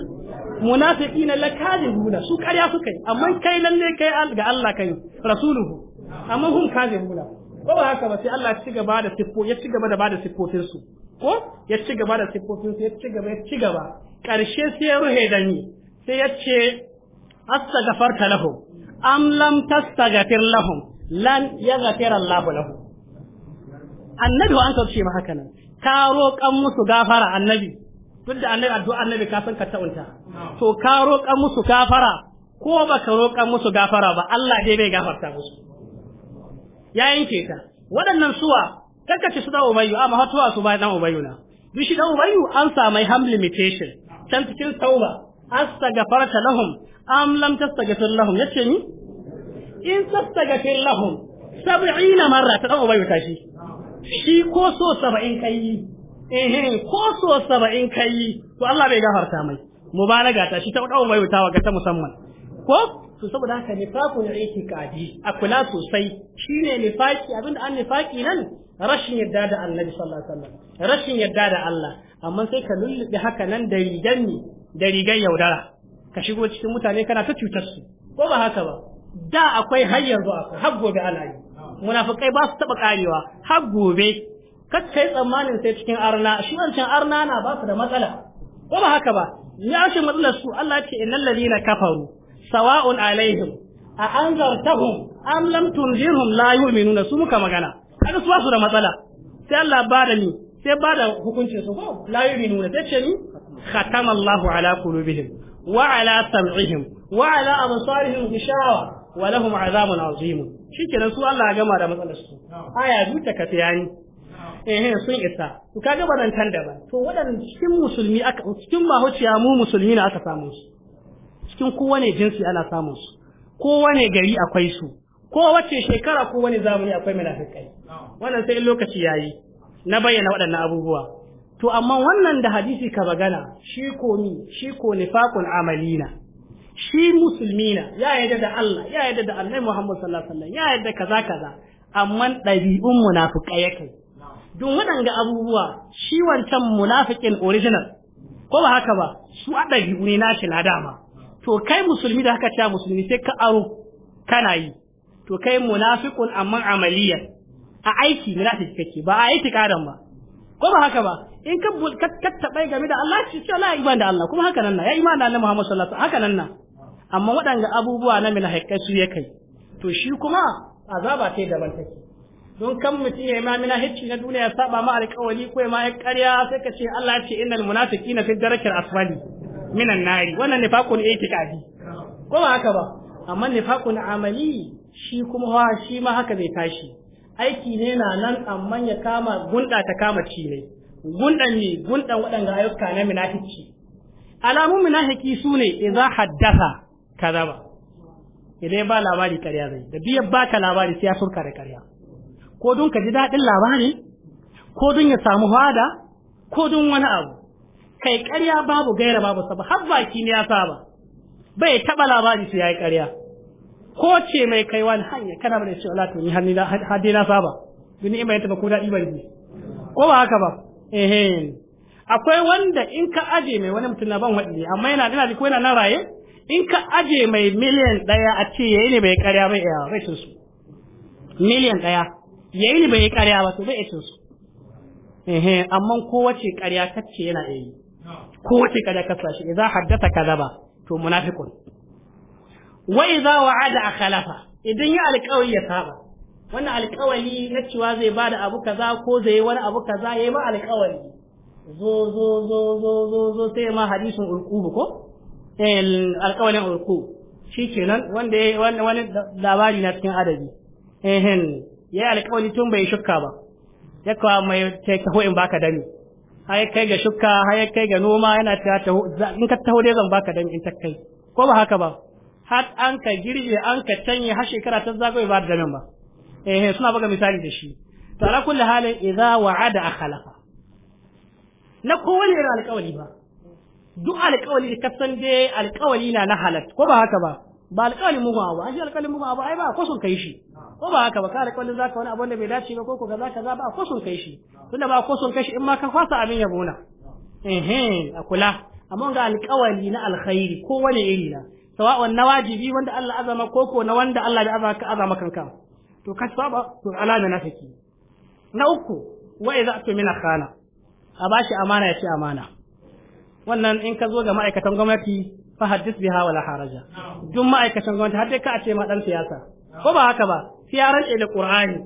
munafiqina lakadhibuna su kariya suka yi amma kai lalle kai ga Allah kai rasuluhu amma hum kadhibuna ko ba haka ba sai Allah ya ci gaba da sifo ya ci gaba da bada su ko ya ci gaba da sifofin su ya ci gaba ya cigaba karshe sai ya ruhe da ni sai ya ce astaghfarta lahum am lam tastaghfir lahum lan yaghfir Allah lahum annabi an ce ma haka nan ka roƙan musu gafara annabi duk da annabi addu'a annabi ka san ka taunta to ka roƙa musu gafara ko baka roƙa musu gafara ba Allah dai bai gafarta musu ya yanke ta waɗannan suwa karkace su da ubayyu amma hatuwa su bai dan ubayyu na duk shi dan ubayyu an mai ham limitation can cikin tauba astaghfarta lahum am lam tastaghfir lahum yace ni in tastaghfir lahum 70 marra ta dan ubayyu tashi shi ko so 70 kai ihin ko so saba'in ka to Allah bai gafarta mai mubalaga ta shi ta dawo mai wuta ga ta musamman ko to saboda haka nifaqul i'tiqadi a kula sosai shine abin abinda an nifaki nan rashin yadda da Annabi sallallahu alaihi wasallam rashin yadda da Allah amma sai ka lullubi haka nan da rigan da rigan yaudara ka shigo cikin mutane kana ta cutar su ko ba haka ba da akwai har yanzu akwai har gobe ana yi munafikai ba su taba karewa har gobe yi tsammanin sai cikin arna shi wancan arna na ba su da matsala ko ba haka ba ya shi matsalar su Allah ce innal ladina kafaru sawa'un alaihim a anzartahum am lam tunzirhum la yu'minuna su muka magana kaga su ba su da matsala sai Allah ba da ni sai ba da hukuncin su ko la yu'minuna sai ce ni khatama Allah ala qulubihim wa ala sam'ihim wa ala absarihim gishawa wa lahum azabun azim shikenan su Allah ya gama da matsalar su aya duka ka tayani ehe sun isa to kaga da daban to waɗannan cikin musulmi aka cikin mahuciya mu musulmi ne aka samu su cikin kowane jinsi ana samu su kowane gari akwai su kowace shekara ko wani zamani akwai munafikai wannan sai lokaci yayi na bayyana waɗannan abubuwa to amma wannan da hadisi ka magana shi ko ni shi ko nifaqul amalina shi musulmina ya yarda da Allah ya yarda da Annabi Muhammad sallallahu alaihi wasallam ya yarda kaza kaza amma ɗabi'un munafiqai yake domin waɗanga abubuwa shi wancan munafikin original ko ba haka ba su adari ne na shi na dama to kai musulmi da haka ta musulmi sai ka aro kana yi to kai munafikun amma amaliya a aiki munafiki kake ba a aiki karan ba ko ba haka ba in ka kattabai game da Allah shi ce Allah iman da Allah kuma haka nan na ya iman da Allah Muhammad sallallahu alaihi haka nan na amma waɗanga abubuwa na mina haƙƙai su ya kai to shi kuma azaba ta daban take don kan mutum ya yi ma mina hicci na duniya ya saba ma alƙawari ko ya ma ya ƙarya sai ka ce Allah ya ce innal munafiqina fi darakil asfali minan nari wannan nifaqun i'tiqadi ko ba haka ba amma nifaqun amali shi kuma shi ma haka zai tashi aiki ne na nan amma ya kama gunda ta kama ci ne gundan ne gundan waɗanda ayyuka na munafiki alamun munafiki sune idza haddatha kadaba idan ba labari karya zai da biyan baka labari sai ya surka da ƙarya ko don ka ji daɗin labari, ko don ya samu hada ko don wani abu kai ƙarya babu gaira babu saba har baki ne ya saba bai taɓa labari su yayi ƙarya ko ce mai kai wani hanya kana bane cewa Allah to ni har dai na saba duni in bai taɓa ko daɗi ba ne ko ba haka ba eh akwai wanda in ka aje mai wani mutum na ban waɗi amma yana dana ko yana nan raye in ka aje mai miliyan ɗaya a ce yayi ne bai ƙarya bai iya rashin su miliyan ɗaya yayi ne bai yi ƙarya ba to bai yace su eh amma kowace ƙarya kacce yana yi kowace ƙarya kasa shi haddasa kaza ba, to munafiqun wa idza wa'ada akhlafa idan ya alƙawari ya saba wannan alƙawari na cewa zai bada abu kaza ko zai yi wani abu kaza yayi ma alƙawari zo zo zo zo zo zo sai ma hadisin ulqubu ko eh, alƙawarin ulqubu shikenan wanda wani labari na cikin adabi ya yi alƙawari tun bai shukka ba ya kawo mai taho in baka dami har kai ga shukka har kai ga noma yana ta taho in ka taho dai zan baka dami in ta kai ko ba haka ba har an ka girbe an ka canye har shekara ta zagaye ba da damin ba eh suna baka misali da shi to ala kulli halin idza wa'ada akhlafa na kowane irin alƙawari ba duk alƙawari da kasan dai alƙawari na na halal ko ba haka ba ba alƙawari mugun ba an shi alƙawari mugun abu ai ba ko sun kai shi ko ba haka ba ka za zaka wani abu da bai dace ba ko ko za ka ba ko sun kai shi tunda ba ko sun kai shi in ma ka kwasa abin yabo na eh a kula amma ga alƙawari na alkhairi ko wani iri na sawa'un na wajibi wanda Allah azama ko ko na wanda Allah bai azama ka azama kanka to ka saba to alama na saki na uku wa idza tumina khana a bashi amana ya ce amana wannan in ka zo ga ma'aikatan gwamnati fa haddis biha wala haraja duk ma'aikatan gwamnati har dai ka a ce ma dan siyasa ko ba haka ba sai ya rantse da qur'ani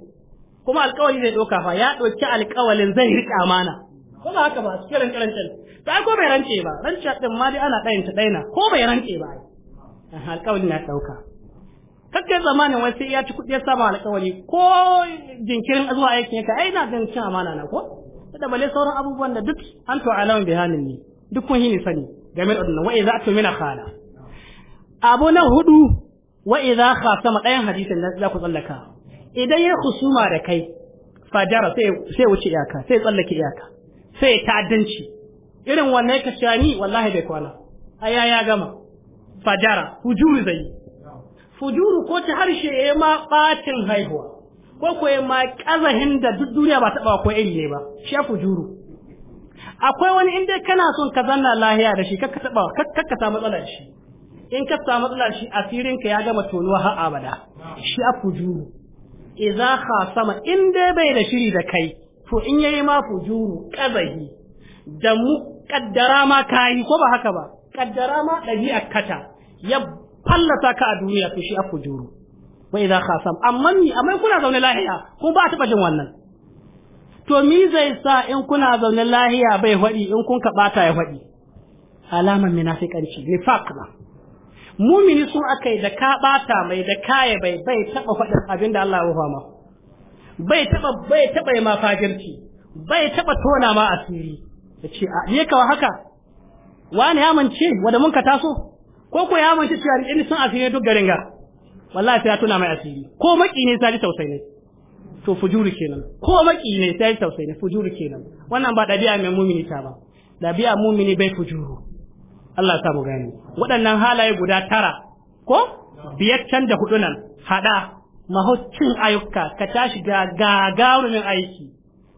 kuma alƙawari zai doka fa ya ɗauki alƙawalin zai riƙe amana ko ba haka ba cikin rancen ta ko bai rance ba rance din ma dai ana ɗayan ta daina ko bai rance ba alƙawari na ɗauka kakkai zamanin wai sai ya ci kuɗi ya samu alƙawari ko jinkirin zuwa aikin yaka ai na ganin cin amana na ko da bale sauran abubuwan da duk an to alamun bihanin ne duk kun hini sani game da wannan wa'iza tu mina khala abu na hudu wa idza khasama ɗayan hadisin nan za ku tsallaka idan ya kusuma da kai fajara sai sai wuce iyaka sai tsallake iyaka sai ta'addanci irin wannan ka shani wallahi bai kwana aya ya gama fajara fujuru zai fujuru ko ta harshe ya ma bacin haihuwa ko ko ya ma kazahin da duk duniya ba taɓa ko iri ne ba shi fujuru akwai wani inda kana son ka zanna lahiya da shi kakka taɓa kakka samu matsala da shi in ka samu matsala shi asirin ka ya gama tonuwa har abada shi a fujuru idza khasama in dai bai da shiri da kai to in yayi ma fujuru kazahi da mu kaddara ma kai ko ba haka ba kaddara ma dabi'a kata ya fallata ka a duniya to shi a fujuru wa idza sama. amma ni amma kuna zaune lahiya ko ba ta jin wannan to mi zai sa in kuna zaune lahiya bai faɗi in kun ka bata ya faɗi alamar munafikanci nifaq na mumini aka akai da ka bata mai da kaya bai bai taba faɗin abin da Allah ya fama bai taba bai taba ma fajirci bai taba tona ma asiri yace a ne kawa haka wani ya mance wanda mun ka taso ko ko ya mance cewa in sun asiri duk garin ga wallahi sai ya tona mai asiri ko maki ne sai tausayi ne to fujuri kenan ko maki ne sai tausayi ne fujuri kenan wannan ba dabi'a mai mumini ta ba dabi'a mumini bai fujuru Allah ya mu gani waɗannan halaye guda tara ko biyar can da hudu nan hada mahuccin ayyuka ka tashi ga gagarumin aiki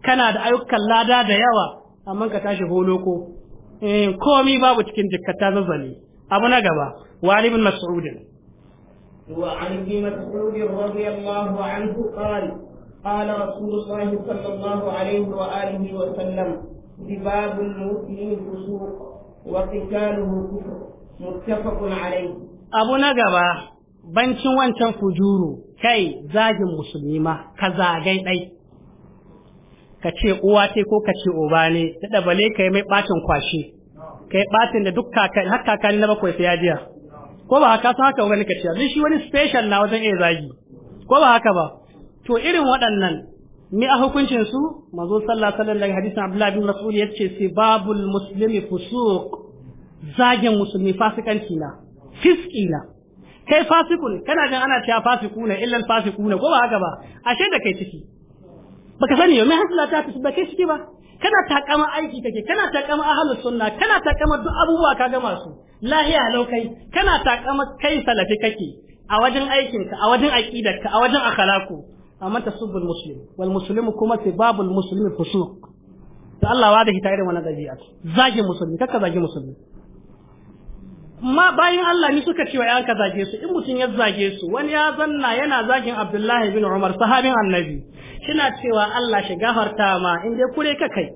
kana da ayyukan lada da yawa amma ka tashi holoko eh komi babu cikin jikata zazzali abu na gaba wali bin mas'ud وعن ابن مسعود رضي الله عنه قال قال رسول الله صلى الله عليه وآله وسلم ذباب المسلم فسوق وقتاله كفر متفق عليه abu na gaba bancin wancan fujuru kai zagin musulmi ma ka zagai ɗai ka ce uwa ce ko ka ce uba ne da bale ka yi mai ɓacin kwashe ka yi ɓacin da duk kakan na bakwai sai ya jiya ko ba haka sun haka wani ka ce abin shi wani special na wajen iya zagi ko ba haka ba to irin waɗannan mi a hukuncin su mazo sallallahu alaihi daga hadisin abdullahi bin mas'ud yace sibabul muslimi fusuq zagin musulmi fasikanci na fiski na kai fasikun kana jin ana cewa fasikuna illa fasikuna ko ba haka ba ashe da kai ciki baka sani yau mai hasala ta tafi baka ciki ba kana takama aiki kake kana takama ahlus sunna kana takama duk abubuwa ka gama su lahiya laukai kana takama kai salafi kake a wajen aikinka a wajen aqidarka a wajen akhlaku amma tasubbul muslim wal muslimu kuma sibabul muslimi fusuq to Allah wa da hita irin wannan dabi'a zagi musulmi kakka zagi musulmi ma bayan Allah ni suka ce wa yan ka zage su in mutum ya zage su wani ya zanna yana zagin Abdullahi bin Umar sahabin Annabi kina cewa Allah shi gafarta ma in dai kure ka kai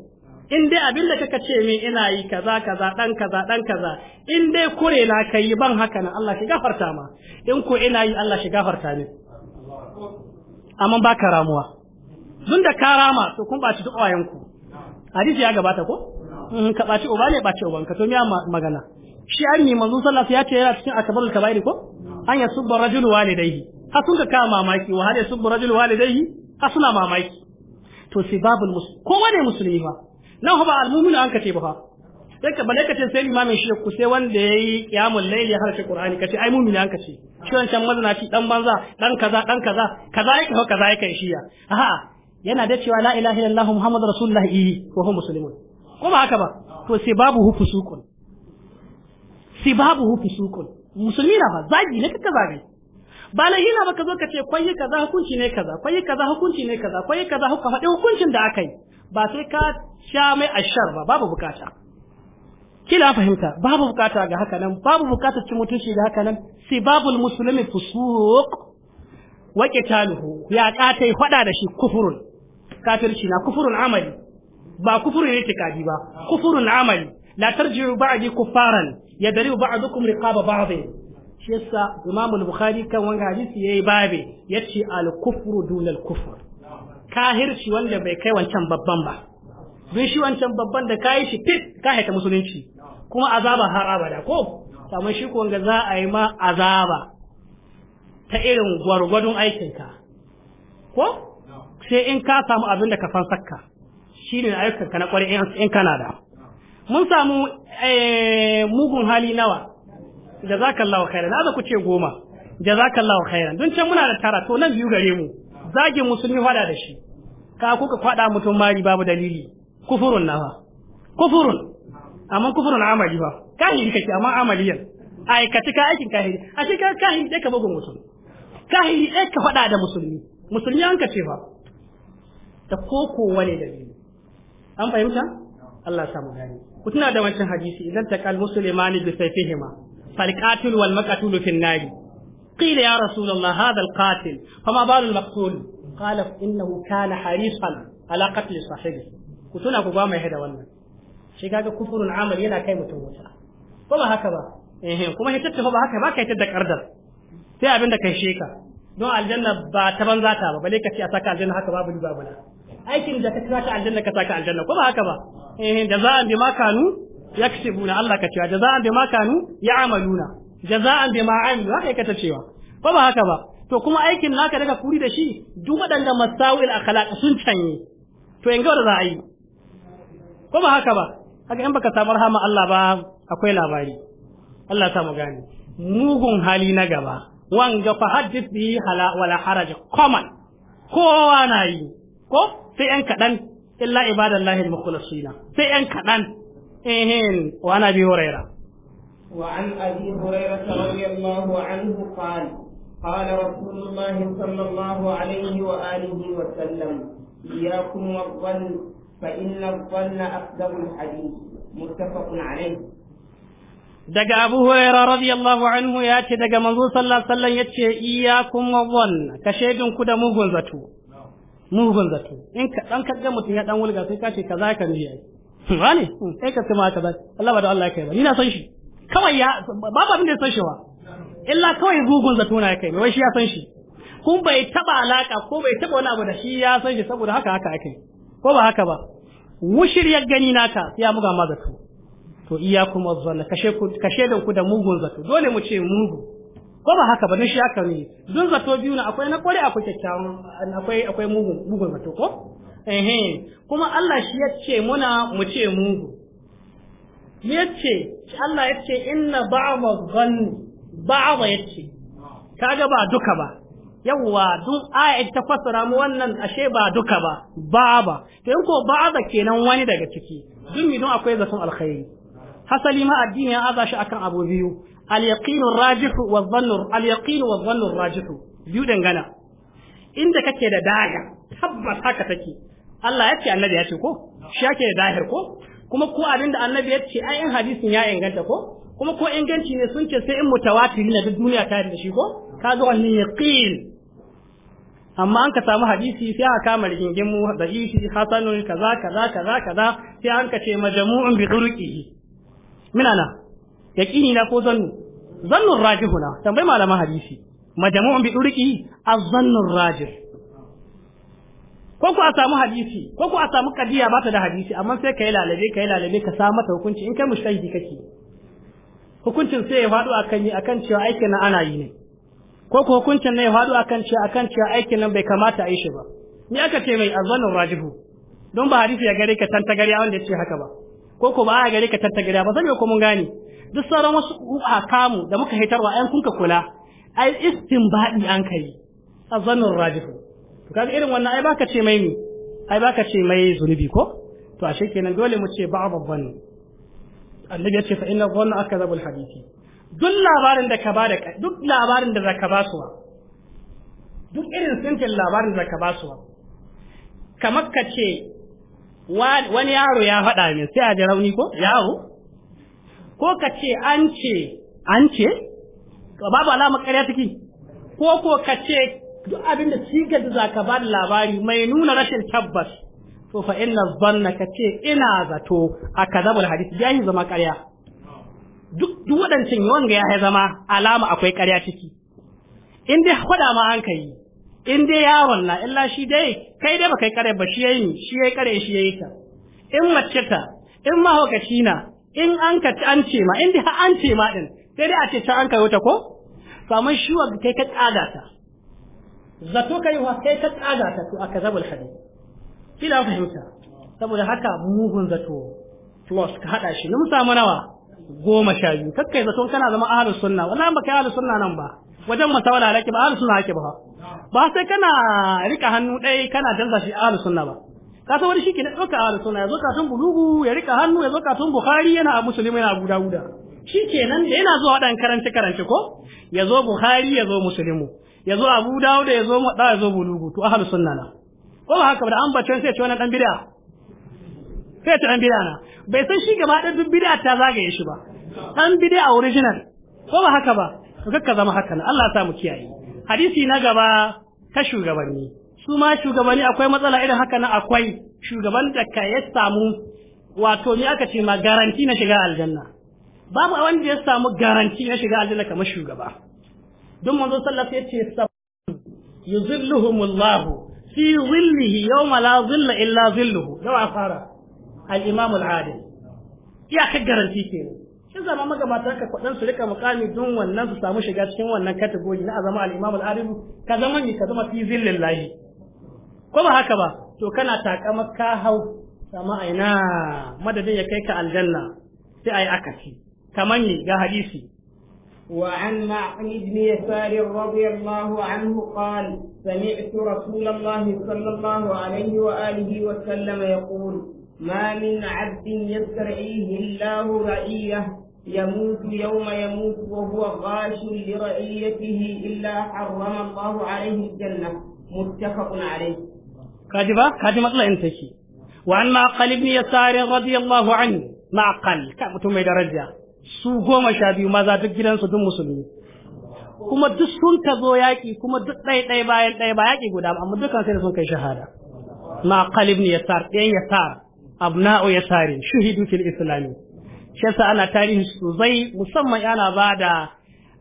in dai abin da kaka ce min ina yi kaza kaza dan kaza dan kaza in dai kure na kai ban haka na Allah shi gafarta ma in ko ina yi Allah shi gafarta ne amma ba ka ramuwa tun da ka rama to kun ɓaci duk wayanku hadisi ya gabata ko mm, ka ɓaci uba ne ɓaci uban ka to miya magana shi an yi manzo sallallahu ya ce yana cikin akabarul kaba'ir ko an ya subba dai yi ha sun ka ka mamaki wa har ya subba dai yi ha suna mamaki to babul musulmi. kowa ne musulmi ba nan ba al-mu'minu an ka ce ba sai ka bane ka ce sai limamin shi ku sai wanda ya yi qiyamul laili ya harce qur'ani ce ai mu'mini an ce shi wancan ci dan banza dan kaza dan kaza kaza yake ko kaza yake shi ya A'a yana da cewa la ilaha illallah muhammad rasulullah ihi ko ho muslimun ko ba haka ba to sai babu hu fusukun sai babu hu fusukun musulmi na ba zagi ne kaka zagi ba lahi na ka zo ka ce kwayi kaza hukunci ne kaza kwayi kaza hukunci ne kaza kwayi kaza hukunci hukuncin da aka yi ba sai ka sha mai ashar ba babu bukata kila fahimta babu bukata ga haka nan babu bukatar cin mutunci ga haka nan sai babu musulmi fusuq wa qitaluhu ya katai fada da shi kufurun kafirci na kufurun amali ba kufurun yake kaji ba kufurun amali la tarji'u ba'di kufaran yadribu ba'dukum riqaba ba'd shi yasa imam al-bukhari kan wanga hadisi yayi babe yace al-kufru dun al-kufr kahirci wanda bai kai wancan babban ba don shi wancan babban da kayi shi fit ka haita musulunci kuma azaba har abada ko amma shi ko ga za a yi ma azaba ta irin gwargwadon aikinka ko sai in ka samu abin da ka sakka shi ne ka na kwari in kana da mun samu eh, mugun hali nawa jazakallahu khairan na ku ce goma jazakallahu khairan don can muna da tara to nan biyu gare mu zagin musulmi fada da shi ka kuka kwada mutum mari babu dalili kufurun na fa kufurun amma kufurun amali fa kahiri kake amma amaliyan aikace ka aikin kahiri a ce ka kahiri dai ka bugun musulmi kahiri dai ka faɗa da musulmi musulmi an ka ce fa da koko wani dalili an fahimta Allah ya samu gani ku tuna da wancan hadisi idan taqal muslimani bi sayfihima فالقاتل والمقتول في النار قيل يا رسول الله هذا القاتل فما بال المقتول قال إنه كان حريصا على قتل صاحبه ku tuna ku gwama da wannan shi kaga kufurul amal yana kai mutum wuta ko ba haka ba eh kuma hitar ta ba haka ba kai da kardar sai abin da kai sheka don aljanna ba ta banza ta ba balle ka ce a saka aljanna haka babu riba bana aikin da ka saka aljanna ka saka aljanna ko ba haka ba eh bi ma kanu yaksibuna Allah ka cewa bi ma kanu ya'maluna jaza'an ma amilu haka yake ta cewa ko ba haka ba to kuma aikin naka daga kuri da shi duk waɗanda masawil akhlaq sun canye to in ga da za a yi ko ba haka ba haka in baka samu rahama Allah ba akwai labari Allah ta mu gane mugun hali na gaba wanga fa haddith hala wala haraj kuma kowa na yi ko sai yan kadan illa ibadallahi al-mukhlasina sai yan kadan eh wa ana bi huraira wa an abi hurairah radiyallahu anhu qala قال رسول الله صلى الله عليه وآله وسلم إياكم والظن فإن الظن أصدق الحديث متفق عليه daga Abu Huraira radiyallahu anhu ya ce daga manzo sallallahu alaihi wasallam yace iyyakum wadhann ka shaidin ku da mugun zato mugun zato in ka dan kaga mutum ya dan wulga sai ka ce kaza ka ne wani sai ka kuma kaza Allah ba da Allah kai ba ni na san shi kawai ya babu abin da ya san shi wa illa kawai gugun zato na kai wai shi ya san shi kun bai taba alaka ko bai taba wani abu da shi ya san shi saboda haka haka akai ko ba haka ba wushir ya gani naka ya buga ma zato to iyakum azzanna kashe kashe da ku da mugun zato dole mu ce mugu ko ba haka ba na shi haka ne dun zato biyu na akwai na kore akwai kyakkyawan akwai akwai mugun mugun zato ko eh kuma Allah shi ya ce muna mu ce mugu Ya ce, Allah ya yace inna ba'dha dhanni ba'dha yace kaga ba duka ba yawwa dun aya ta fasara mu wannan ashe ba duka ba ba ba. to in ko ba'aba kenan wani daga ciki dun mi don akwai zaton alkhairi hasali ma addini ya aza shi akan abu biyu al-yaqinu rajihu wa dhannu al-yaqinu wa dhannu rajihu biyu dangana inda kake da daga tabbas haka take Allah ya ce annabi ya ce ko shi yake da dahir ko kuma ko abinda annabi ya ce ai in hadisin ya inganta ko kuma ko inganci ne sun ce sai in mutawatiri na duk duniya ta da shi ko Ka kaga wannan yaqin amma an ka samu hadisi sai a kama rigingimu da ishi hasanun kaza kaza kaza kaza sai an ka ce majmu'un bi turqihi mina na yaqini na ko zannu zannun rajihuna tambayi malama hadisi majmu'un bi turqihi az-zannur rajih ko ku a samu hadisi ko ku a samu kadiya ba ta da hadisi amma sai kai lalabe kai lalabe ka samu mata hukunci in kai mushtahidi kake hukuncin sai ya faɗo akan yi akan cewa aikin na ana yi ne ko ko hukuncin ne ya faɗo akan cewa akan cewa aikin nan bai kamata a yi shi ba ni aka ce mai azanun rajihu don ba hadisi ya gare ka a wanda ya ce haka ba ko ko ba a gare ka tantagariya ba saboda ko mun gane duk sauran wasu hakamu da muka hitarwa ayan ka kula ai istinbadi an kai azanun rajihu to kaga irin wannan ai baka ce mai ni ai baka ce mai zunubi ko to ashe kenan dole mu ce ba'd babban. annabi ya ce fa inna dhanna akdhabul hadisi duk labarin da ka ba da duk labarin da zaka ba suwa duk irin sintin labarin da zaka ba suwa kamar ka ce wani yaro ya faɗa min sai a ji rauni ko yaro ko ka ce an ce an ce babu alamar ƙarya take ko ko ka ce duk abin da cigar da zaka ba da labari mai nuna rashin tabbas to fa inna zanna ka ce ina zato a kazabul hadisi yayi zama ƙarya duk waɗancan yawan ga ya zama alama akwai ƙarya ciki in dai kwada ma an kai in dai yaron na illa shi dai kai dai baka yi ƙarya ba shi yayin shi yayi ƙarya shi yayi ta in mace ta in mahaukaci na in an ka an ce ma in dai an ce ma din sai dai a ce ta an kai wata ko to amma shi wa kai ka tsada ta zato kai wa kai ka tsada ta to aka zabul hadith kila fahimta saboda haka mugun zato plus ka hada shi mu samu nawa goma sha biyu kakkai zaton kana zama ahlus sunna an baka ahlus sunna nan ba wajen masawala laki ba ahlus sunna hake ba ba sai kana rika hannu ɗaya kana canza shi ahlus sunna ba ka san wani shike ne doka ahlus sunna ya zo ka tun bulugu ya rika hannu ya zo ka tun bukhari yana a musulmi yana abu ke nan da yana zuwa wadan karance karance ko ya zo bukhari ya zo muslimu ya zo abu dawuda ya zo mu da ya zo bulugu to ahlus sunna na ko ba haka ba da an bacin sai ce wannan dan bid'a sai ya ce dan bid'a na bai san shi gaba ɗan duk bid'a ta zagaye shi ba dan a original ko ba haka ba to kakka zama haka na Allah ya sa mu kiyaye hadisi na gaba ta shugabanni su ma shugabanni akwai matsala irin haka na akwai shugaban da ka ya samu wato ni aka ce ma garanti na shiga aljanna babu wanda ya samu garanti na shiga aljanna kamar shugaba don manzo sallallahu alaihi wasallam ya ce sabu yuzilluhumullahu fi zillihi yawma la zilla illa zilluhu da fara al-imam al-adil iya ka garanti ke shi zama magabata ka kwadan su rika mukami don wannan su samu shiga cikin wannan category na azama al-imam ka zama ni ka zama fi zillillahi ko ba haka ba to kana takama ka hau sama aina madadin ya kai ka aljanna sai a yi akasi Kamar ni ga hadisi وعن معقل بن يسار رضي الله عنه قال سمعت رسول الله صلى الله عليه وآله وسلم يقول ما من عبد يسترعيه الله رعيه يموت يوم يموت وهو غاش لرعيته إلا حرم الله عليه الجنة متفق عليه كاجبا كاجي مطلع انتشي وعن معقل بن يسار رضي الله عنه معقل كمتم درجة su goma sha biyu maza duk gidansu duk musulmi kuma duk sun ka zo yaƙi kuma duk ɗaya ɗaya bayan ɗaya ba yaƙi guda amma dukkan sai da sun kai shahada ma qalib ne yasar ɗayan yasar abna'u ya tare shuhidu fil islami shi yasa ana tarihi sosai musamman ana da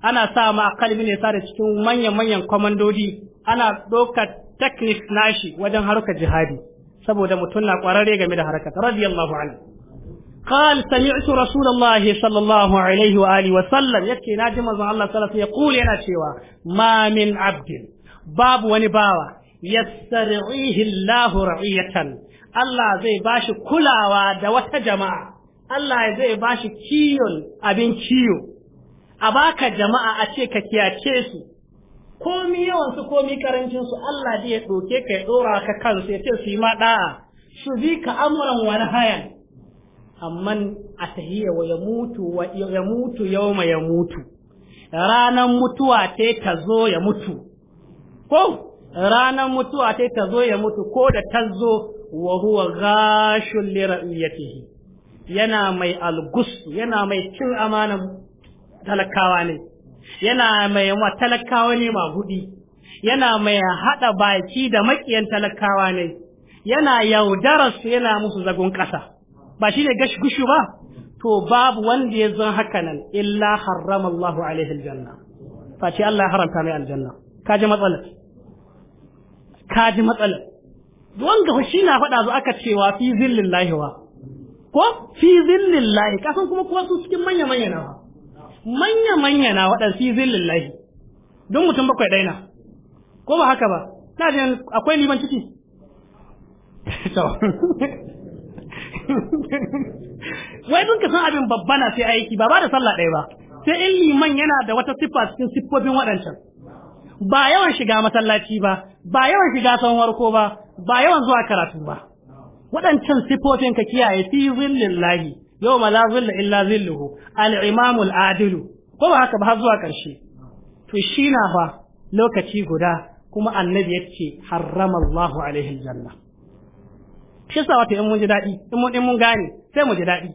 ana sa ma kalbi ne sa da cikin manyan manyan kwamandodi ana ɗaukar teknik nashi wajen harkar jihadi saboda mutum na kwararre game da harkar radiyallahu anhu قال سمعت رسول الله صلى الله عليه وآله وسلم يكي ناجم من الله صلى الله يقول أنا شوى ما من عبد باب ونباوة يسترعيه الله رعية Allah zai ba shi kulawa da wata jama'a Allah zai ba shi kiyon abin kiyo a baka jama'a a ce ka kiyace su komi yawansu su komi karancinsu su Allah zai ɗoke ka ya dora ka kansu ya ce su yi maɗa su zi ka amuran wani hayan amman a tahiyya wa ya mutu wa ya ya mutu ranan mutuwa ta ta zo ya mutu ko ranan mutuwa ta ta zo ya mutu ko da ta zo wa huwa ghashul li ra'iyatihi yana mai algus yana mai cin amanan talakawa ne yana mai ma talakawa ne ma hudi yana mai hada baki da makiyan talakawa ne yana yaudara su yana musu zagon kasa ba shi ne gashgushu ba to babu wanda ya zan haka nan illa harrama Allahu alaihi aljanna face Allah ya haramta mai aljanna kaji matsalar kaji matsalar wanga shi na faɗa zo aka cewa fi zillin lahiwa ko fi zillin lahi kasan kuma kuwa su cikin manya manya na manya manya na waɗan fi zillin lahi don mutum bakwai ɗaina ko ba haka ba na jin akwai liman ciki wai dun ka san abin babba na sai aiki ba ba da sallah ɗaya ba sai in liman yana da wata siffa cikin siffofin waɗancan ba yawan shiga masallaci ba ba yawan shiga tsawon warko ba ba yawan zuwa karatu ba waɗancan sifofin ka kiyaye fi zillillahi yau ma la zilla illa zilluhu al adilu ko ba haka ba har zuwa ƙarshe to shi na fa lokaci guda kuma annabi ya ce harrama Allahu alaihi aljanna shi in mun ji daɗi in mun mun gane sai mu ji daɗi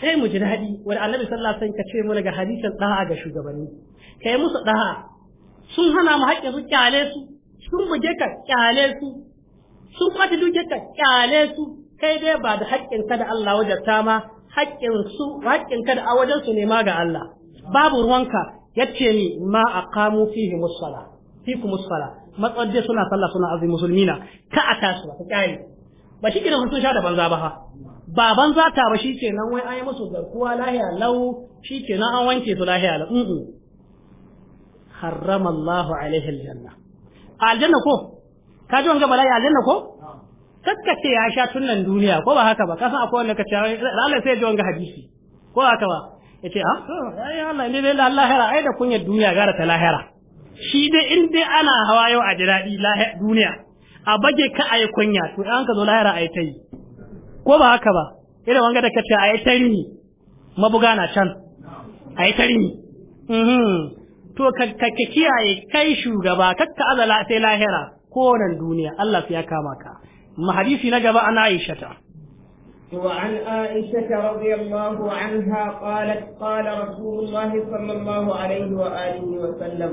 sai mu ji daɗi wani annabi sallallahu alaihi wasallam ka ce mu daga hadisin ɗa'a ga shugabanni kai musu ɗaha sun hana mu haƙƙin su kyale su sun buge ka kyale su sun kwata duke ka kyale su kai dai ba da haƙƙin ka da Allah wajen ta ma haƙƙin su haƙƙin ka da a wajen su ne ma ga Allah babu ruwanka yace ni ma aqamu fihi musalla fiku musalla matsaje suna sallah suna azumi musulmina ka a tasu ka kyale ba shi kiran sun sha da banza ba ha ba banza ta ba shi ke nan wai an yi musu garkuwa lahiya lau shi ke nan an wanke su lahiya lau harrama Allahu alaihi aljanna a aljanna ko ka ji wanga bala'i aljanna ko kakkace ya sha tunan duniya ko ba haka ba ka san akwai wanda kace Allah sai ya ji wanga hadisi ko haka ba yace a ah, ai Allah ne dai lahira ai da kunya duniya gara ta lahira shi dai in dai ana hawa yau a jiradi lahira duniya a bage ka a yi kunya to an ka zo lahira a ta yi, ko ba haka ba irin wanga da yi ta tari mabuga na can a yi ta mhm to ka kiyaye kai shugaba kakka azala sai lahira ko nan duniya Allah ya kama ka Mahadisi na gaba ana Aisha ta وعن عائشة رضي الله عنها قالت قال رسول الله صلى الله عليه وآله وسلم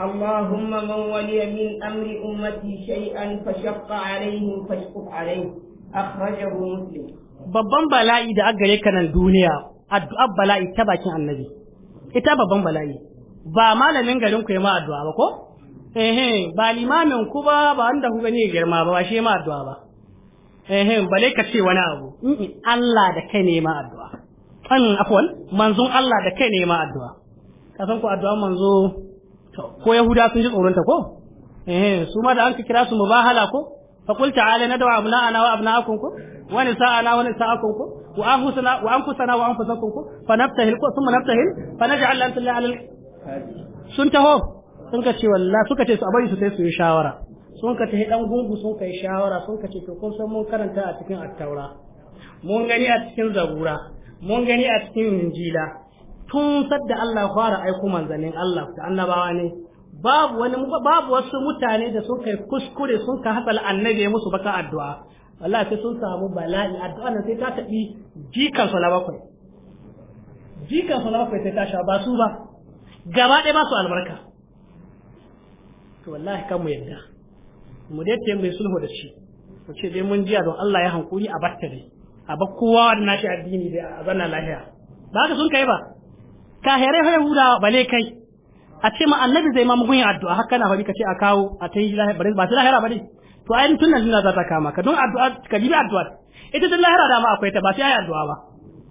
اللهم من ولي من أمر أمتي شيئا فشق عليهم فاشقق عليه أخرجه مسلم babban bala'i da aka ka nan duniya addu'ar bala'i ta bakin annabi ita babban bala'i ba malamin garin ku ya ma addu'a ba ko ehe ba limamin ku ba ba wanda ku gani girma ba ba shi ma addu'a ba eh bale ka ce wani abu Allah da kai ne ma addu'a an afwan manzon Allah da kai ne ma addu'a ka san ku addu'a manzo ko yahuda sun ji tsoron ta ko Ehe su ma da an ka kira su mubahala ko fa qul ta'ala nad'u abna'ana wa abna'akum ko wa nisa'ana wa nisa'akum ko wa anfusana wa anfusana wa anfusakum ko fa nabtahil ko thumma nabtahil fa naj'al lan tillahi sun taho sun ka ce wallahi suka ce su abai su sai su yi shawara sun ka tafi dan gungu sun kai shawara sun ka ce to kun san mun karanta a cikin attaura mun gani a cikin zabura mun gani a cikin injila tun sadda Allah fara aiko manzannin Allah da annabawa ne babu wani babu wasu mutane da sun kai kuskure sun ka hasal annabi musu baka addu'a wallahi sai sun samu bala'i addu'a sai ta tabi jikan salawa na bakwai jikan salawa na bakwai sai ta sha ba su ba gaba ɗaya ba su albarka to wallahi kan mu yadda mu dai tayin mai sulhu da shi mu ce dai mun jiya don Allah ya hankuri a batta dai a ba kowa da nashi addini da a zanna lahiya ba haka sun kai ba ka here hore huda bale kai a ce ma annabi zai ma mugun addu'a haka na hori ka ce a kawo a ta yi lahiya bare ba ta lahira ba dai to ayin tun nan za ta kama ka don addu'a ka jibi addu'a ita da lahira dama akwai ta ba sai ayi addu'a ba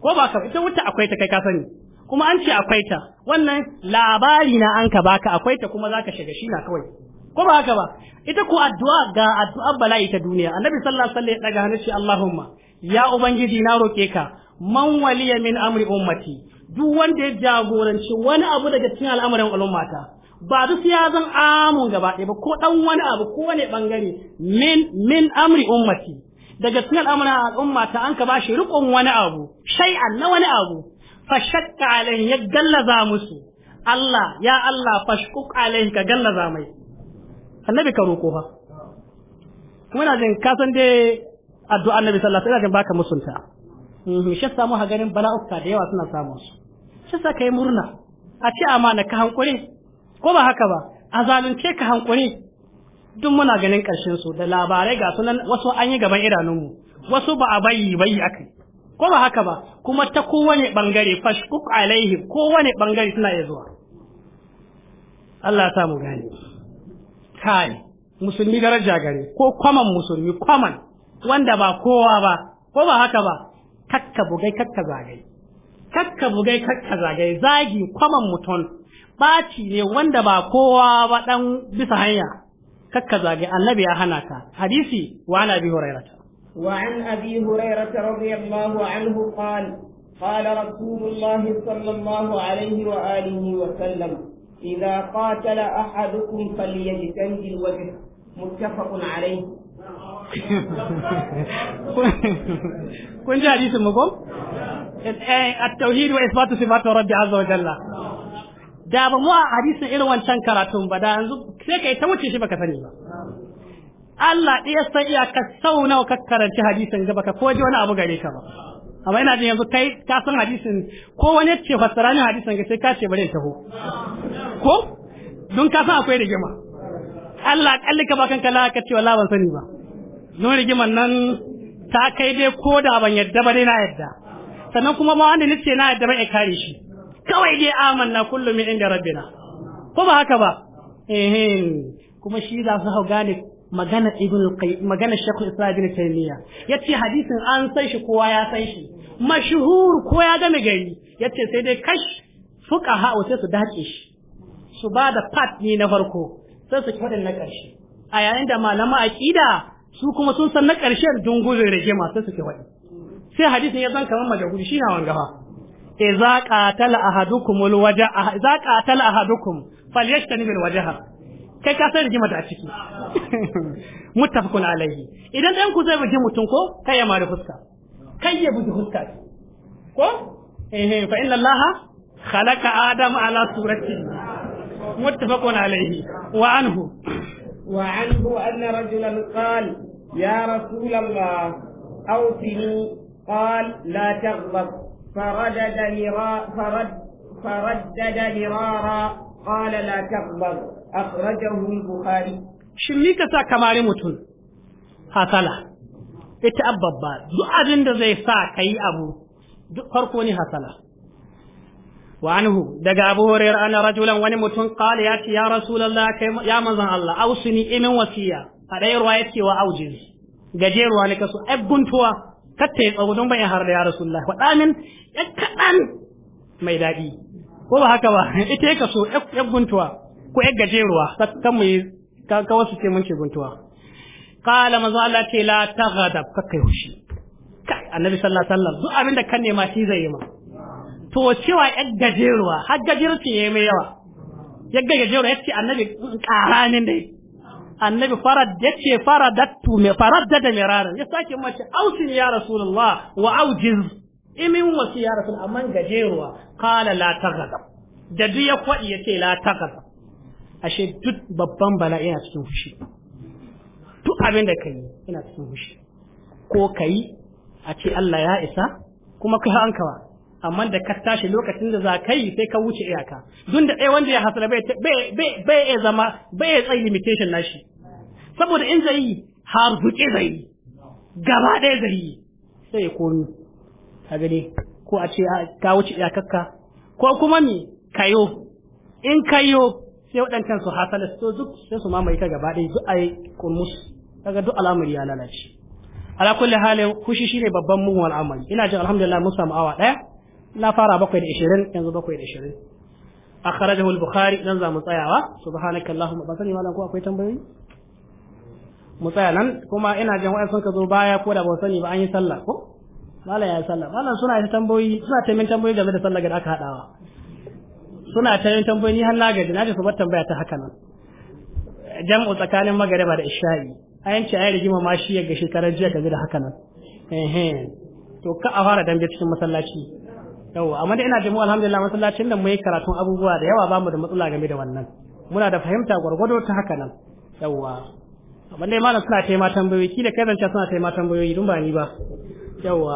ko ba ka ita wuta akwai ta kai ka sani kuma an ce akwai ta wannan labari na an ka baka akwai ta kuma zaka shiga shi na kawai ko ba haka ba ita ko addu'a ga addu'ar bala'i ta duniya annabi sallallahu alaihi wasallam ya daga hannun Allahumma ya ubangiji na roke ka man waliya min amri ummati duk wanda ya jagoranci wani abu daga cikin al'amuran al'ummata ba duk ya zan amun gaba ɗaya ba ko dan wani abu ko wani bangare min min amri ummati daga cikin al'amuran al'ummata an ka shi rikon wani abu shay'an na wani abu fashakka alaihi ya gallaza musu Allah ya Allah fashkuk alaihi ka gallaza mai annabi ka roko fa na jin ka san dai addu'a annabi sallallahu alaihi wasallam baka musunta mhm, shi samu hagarin bala'uka da yawa suna samun su shi sa kai murna a ce amana ka hankuri ko ba haka ba a zalunce ka hankuri duk muna ganin ƙarshen su da labarai ga sunan wasu an yi gaban idanunmu wasu ba a bayyi bayyi akai ko ba haka ba kuma ta kowane bangare fashkuk alaihi kowane bangare suna iya zuwa Allah ya samu gane kai musulmi daraja gare ko kwaman musulmi kwaman wanda ba kowa ba ko ba haka ba kakka bugai kakka zagai kakka bugai kakka zagai zagi kwaman mutum baci ne wanda ba kowa ba dan bisa hanya kakka zagai annabi ya hana ka hadisi wa ana bi hurairata وعن أبي هريرة رضي الله عنه قال قال رسول الله صلى الله عليه وآله وسلم إذا قاتل أحدكم فليجتنب الوجه متفق عليه kun ji hadisin mu ko at-tauhid wa isbatu sifati da ba mu hadisin irin wancan karatun ba da yanzu sai kai ta wuce shi baka sani ba Allah ɗaya san iyakar sau nawa ka karanci hadisin gaba ka koji wani abu gare ka ba amma ina jin yanzu kai ka san hadisin ko wani ce fassara ne hadisin ga sai ka ce bari taho ko don ka san akwai rigima Allah kalli ka bakan kala ka ce wallahi ban sani ba don rigiman nan ta kai dai ko da ban yadda ba dai na yadda sannan kuma ma wanda nace na yadda ba ya kare shi kawai dai amanna kullum min inda rabbina ko ba haka ba Ehe. kuma shi za su hau gane magana ibn magana bin islam ibn taymiya yace hadisin an san shi kowa ya san shi mashhur ko ya gane gari yace sai dai kash fuqaha sai su dace shi su ba da part ne na farko sai su kwadin na karshe a yayin da malama aqida su kuma sun san na karshen dunguzin rigima sai su kwadin sai hadisin ya zan kamar majahuri shi na wanga ba iza qatala ahadukum alwaja idza qatala ahadukum falyashtani bil wajha kai ka san rigima ta ciki muttafaqun alaihi idan dan ku zai bugi mutun ko kai ya mari fuska kai ya buji fuska ko eh fa inna allaha khalaqa adama ala surati muttafaqun alaihi wa anhu wa anhu anna rajulan qala ya rasul allah awsini قال لا تغضب فردد مرارا فردد مرارا قال لا تغضب akhrajahu al-bukhari shin mi ka sa kamare mutum hasala ita abbabba duk abin da zai sa kai abu duk farko ne hasala wa daga abu hurairah ana rajulan wani mutum qala ya ce ya rasu kai ya manzon Allah ausini imin wasiya a dai ruwa yace wa auje. gajeruwa ne kaso ai guntuwa katta ya tsawo don bayan har da ya rasulullah faɗa min ya kaɗan mai daɗi ko ba haka ba ita ya kaso guntuwa ko yar gajeruwa kan mu ka wasu ce mun ce guntuwa qala manzo Allah ce la taghadab ka kai hushi kai annabi sallallahu alaihi wasallam duk abin da kan nema shi zai yi ma to cewa yar gajeruwa har ya yi mai yawa yar gajeruwa yace annabi karanin dai annabi farad yace faradattu me faradda da miraran ya sake mace ausin ya rasulullah wa aujiz imin wasu ya rasul amma gajeruwa kala la taghadab da duk ya kwadi yace la taghadab ashe duk babban bala yana cikin fushi duk abin da kai yana cikin fushi ko kai a ce Allah ya isa kuma kai an kawa amma da ka tashi lokacin da za ka yi sai ka wuce iyaka dun da ɗaya wanda ya hasala bai bai ya zama bai ya tsayi limitation nashi saboda in zai yi har zuke zai yi gaba ɗaya zai yi sai ya komi ka gani ko a ce ka wuce iyakarka ko kuma me kayo in kayo sai waɗancan su hasala su duk sai su mamaye ka gaba ɗaya duk yi kurmus kaga duk al'amari ya lalace ala kulli halin kushi shine babban mugun al'amari ina jin alhamdulillah mun samu awa ɗaya na fara bakwai da ishirin yanzu bakwai da ishirin A akhrajahu al-bukhari dan za mu tsayawa subhanakallahumma ba sani malam ko akwai tambayoyi mu tsaya nan kuma ina jin wa'ansu ka zo baya ko da ba sani ba an yi sallah ko malam ya yi sallah malam suna yi tambayoyi suna taimin tambayoyi game da sallah da aka haɗawa suna ta yin tambayoyi har na gaji na ji su bar tambaya ta haka nan jam'u tsakanin magariba da isha'i ayan ce ayi rigima ma shi ga shekarar jiya gaji da haka nan to ka a fara dambe cikin masallaci yawa amma da ina jin alhamdulillah masallacin da mai karatun abubuwa da yawa bamu da matsala game da wannan muna da fahimta gwargwado ta haka nan yawa amma dai malam suna taimata tambayoyi kila kai zance suna taimata tambayoyi dun ba ni ba yawa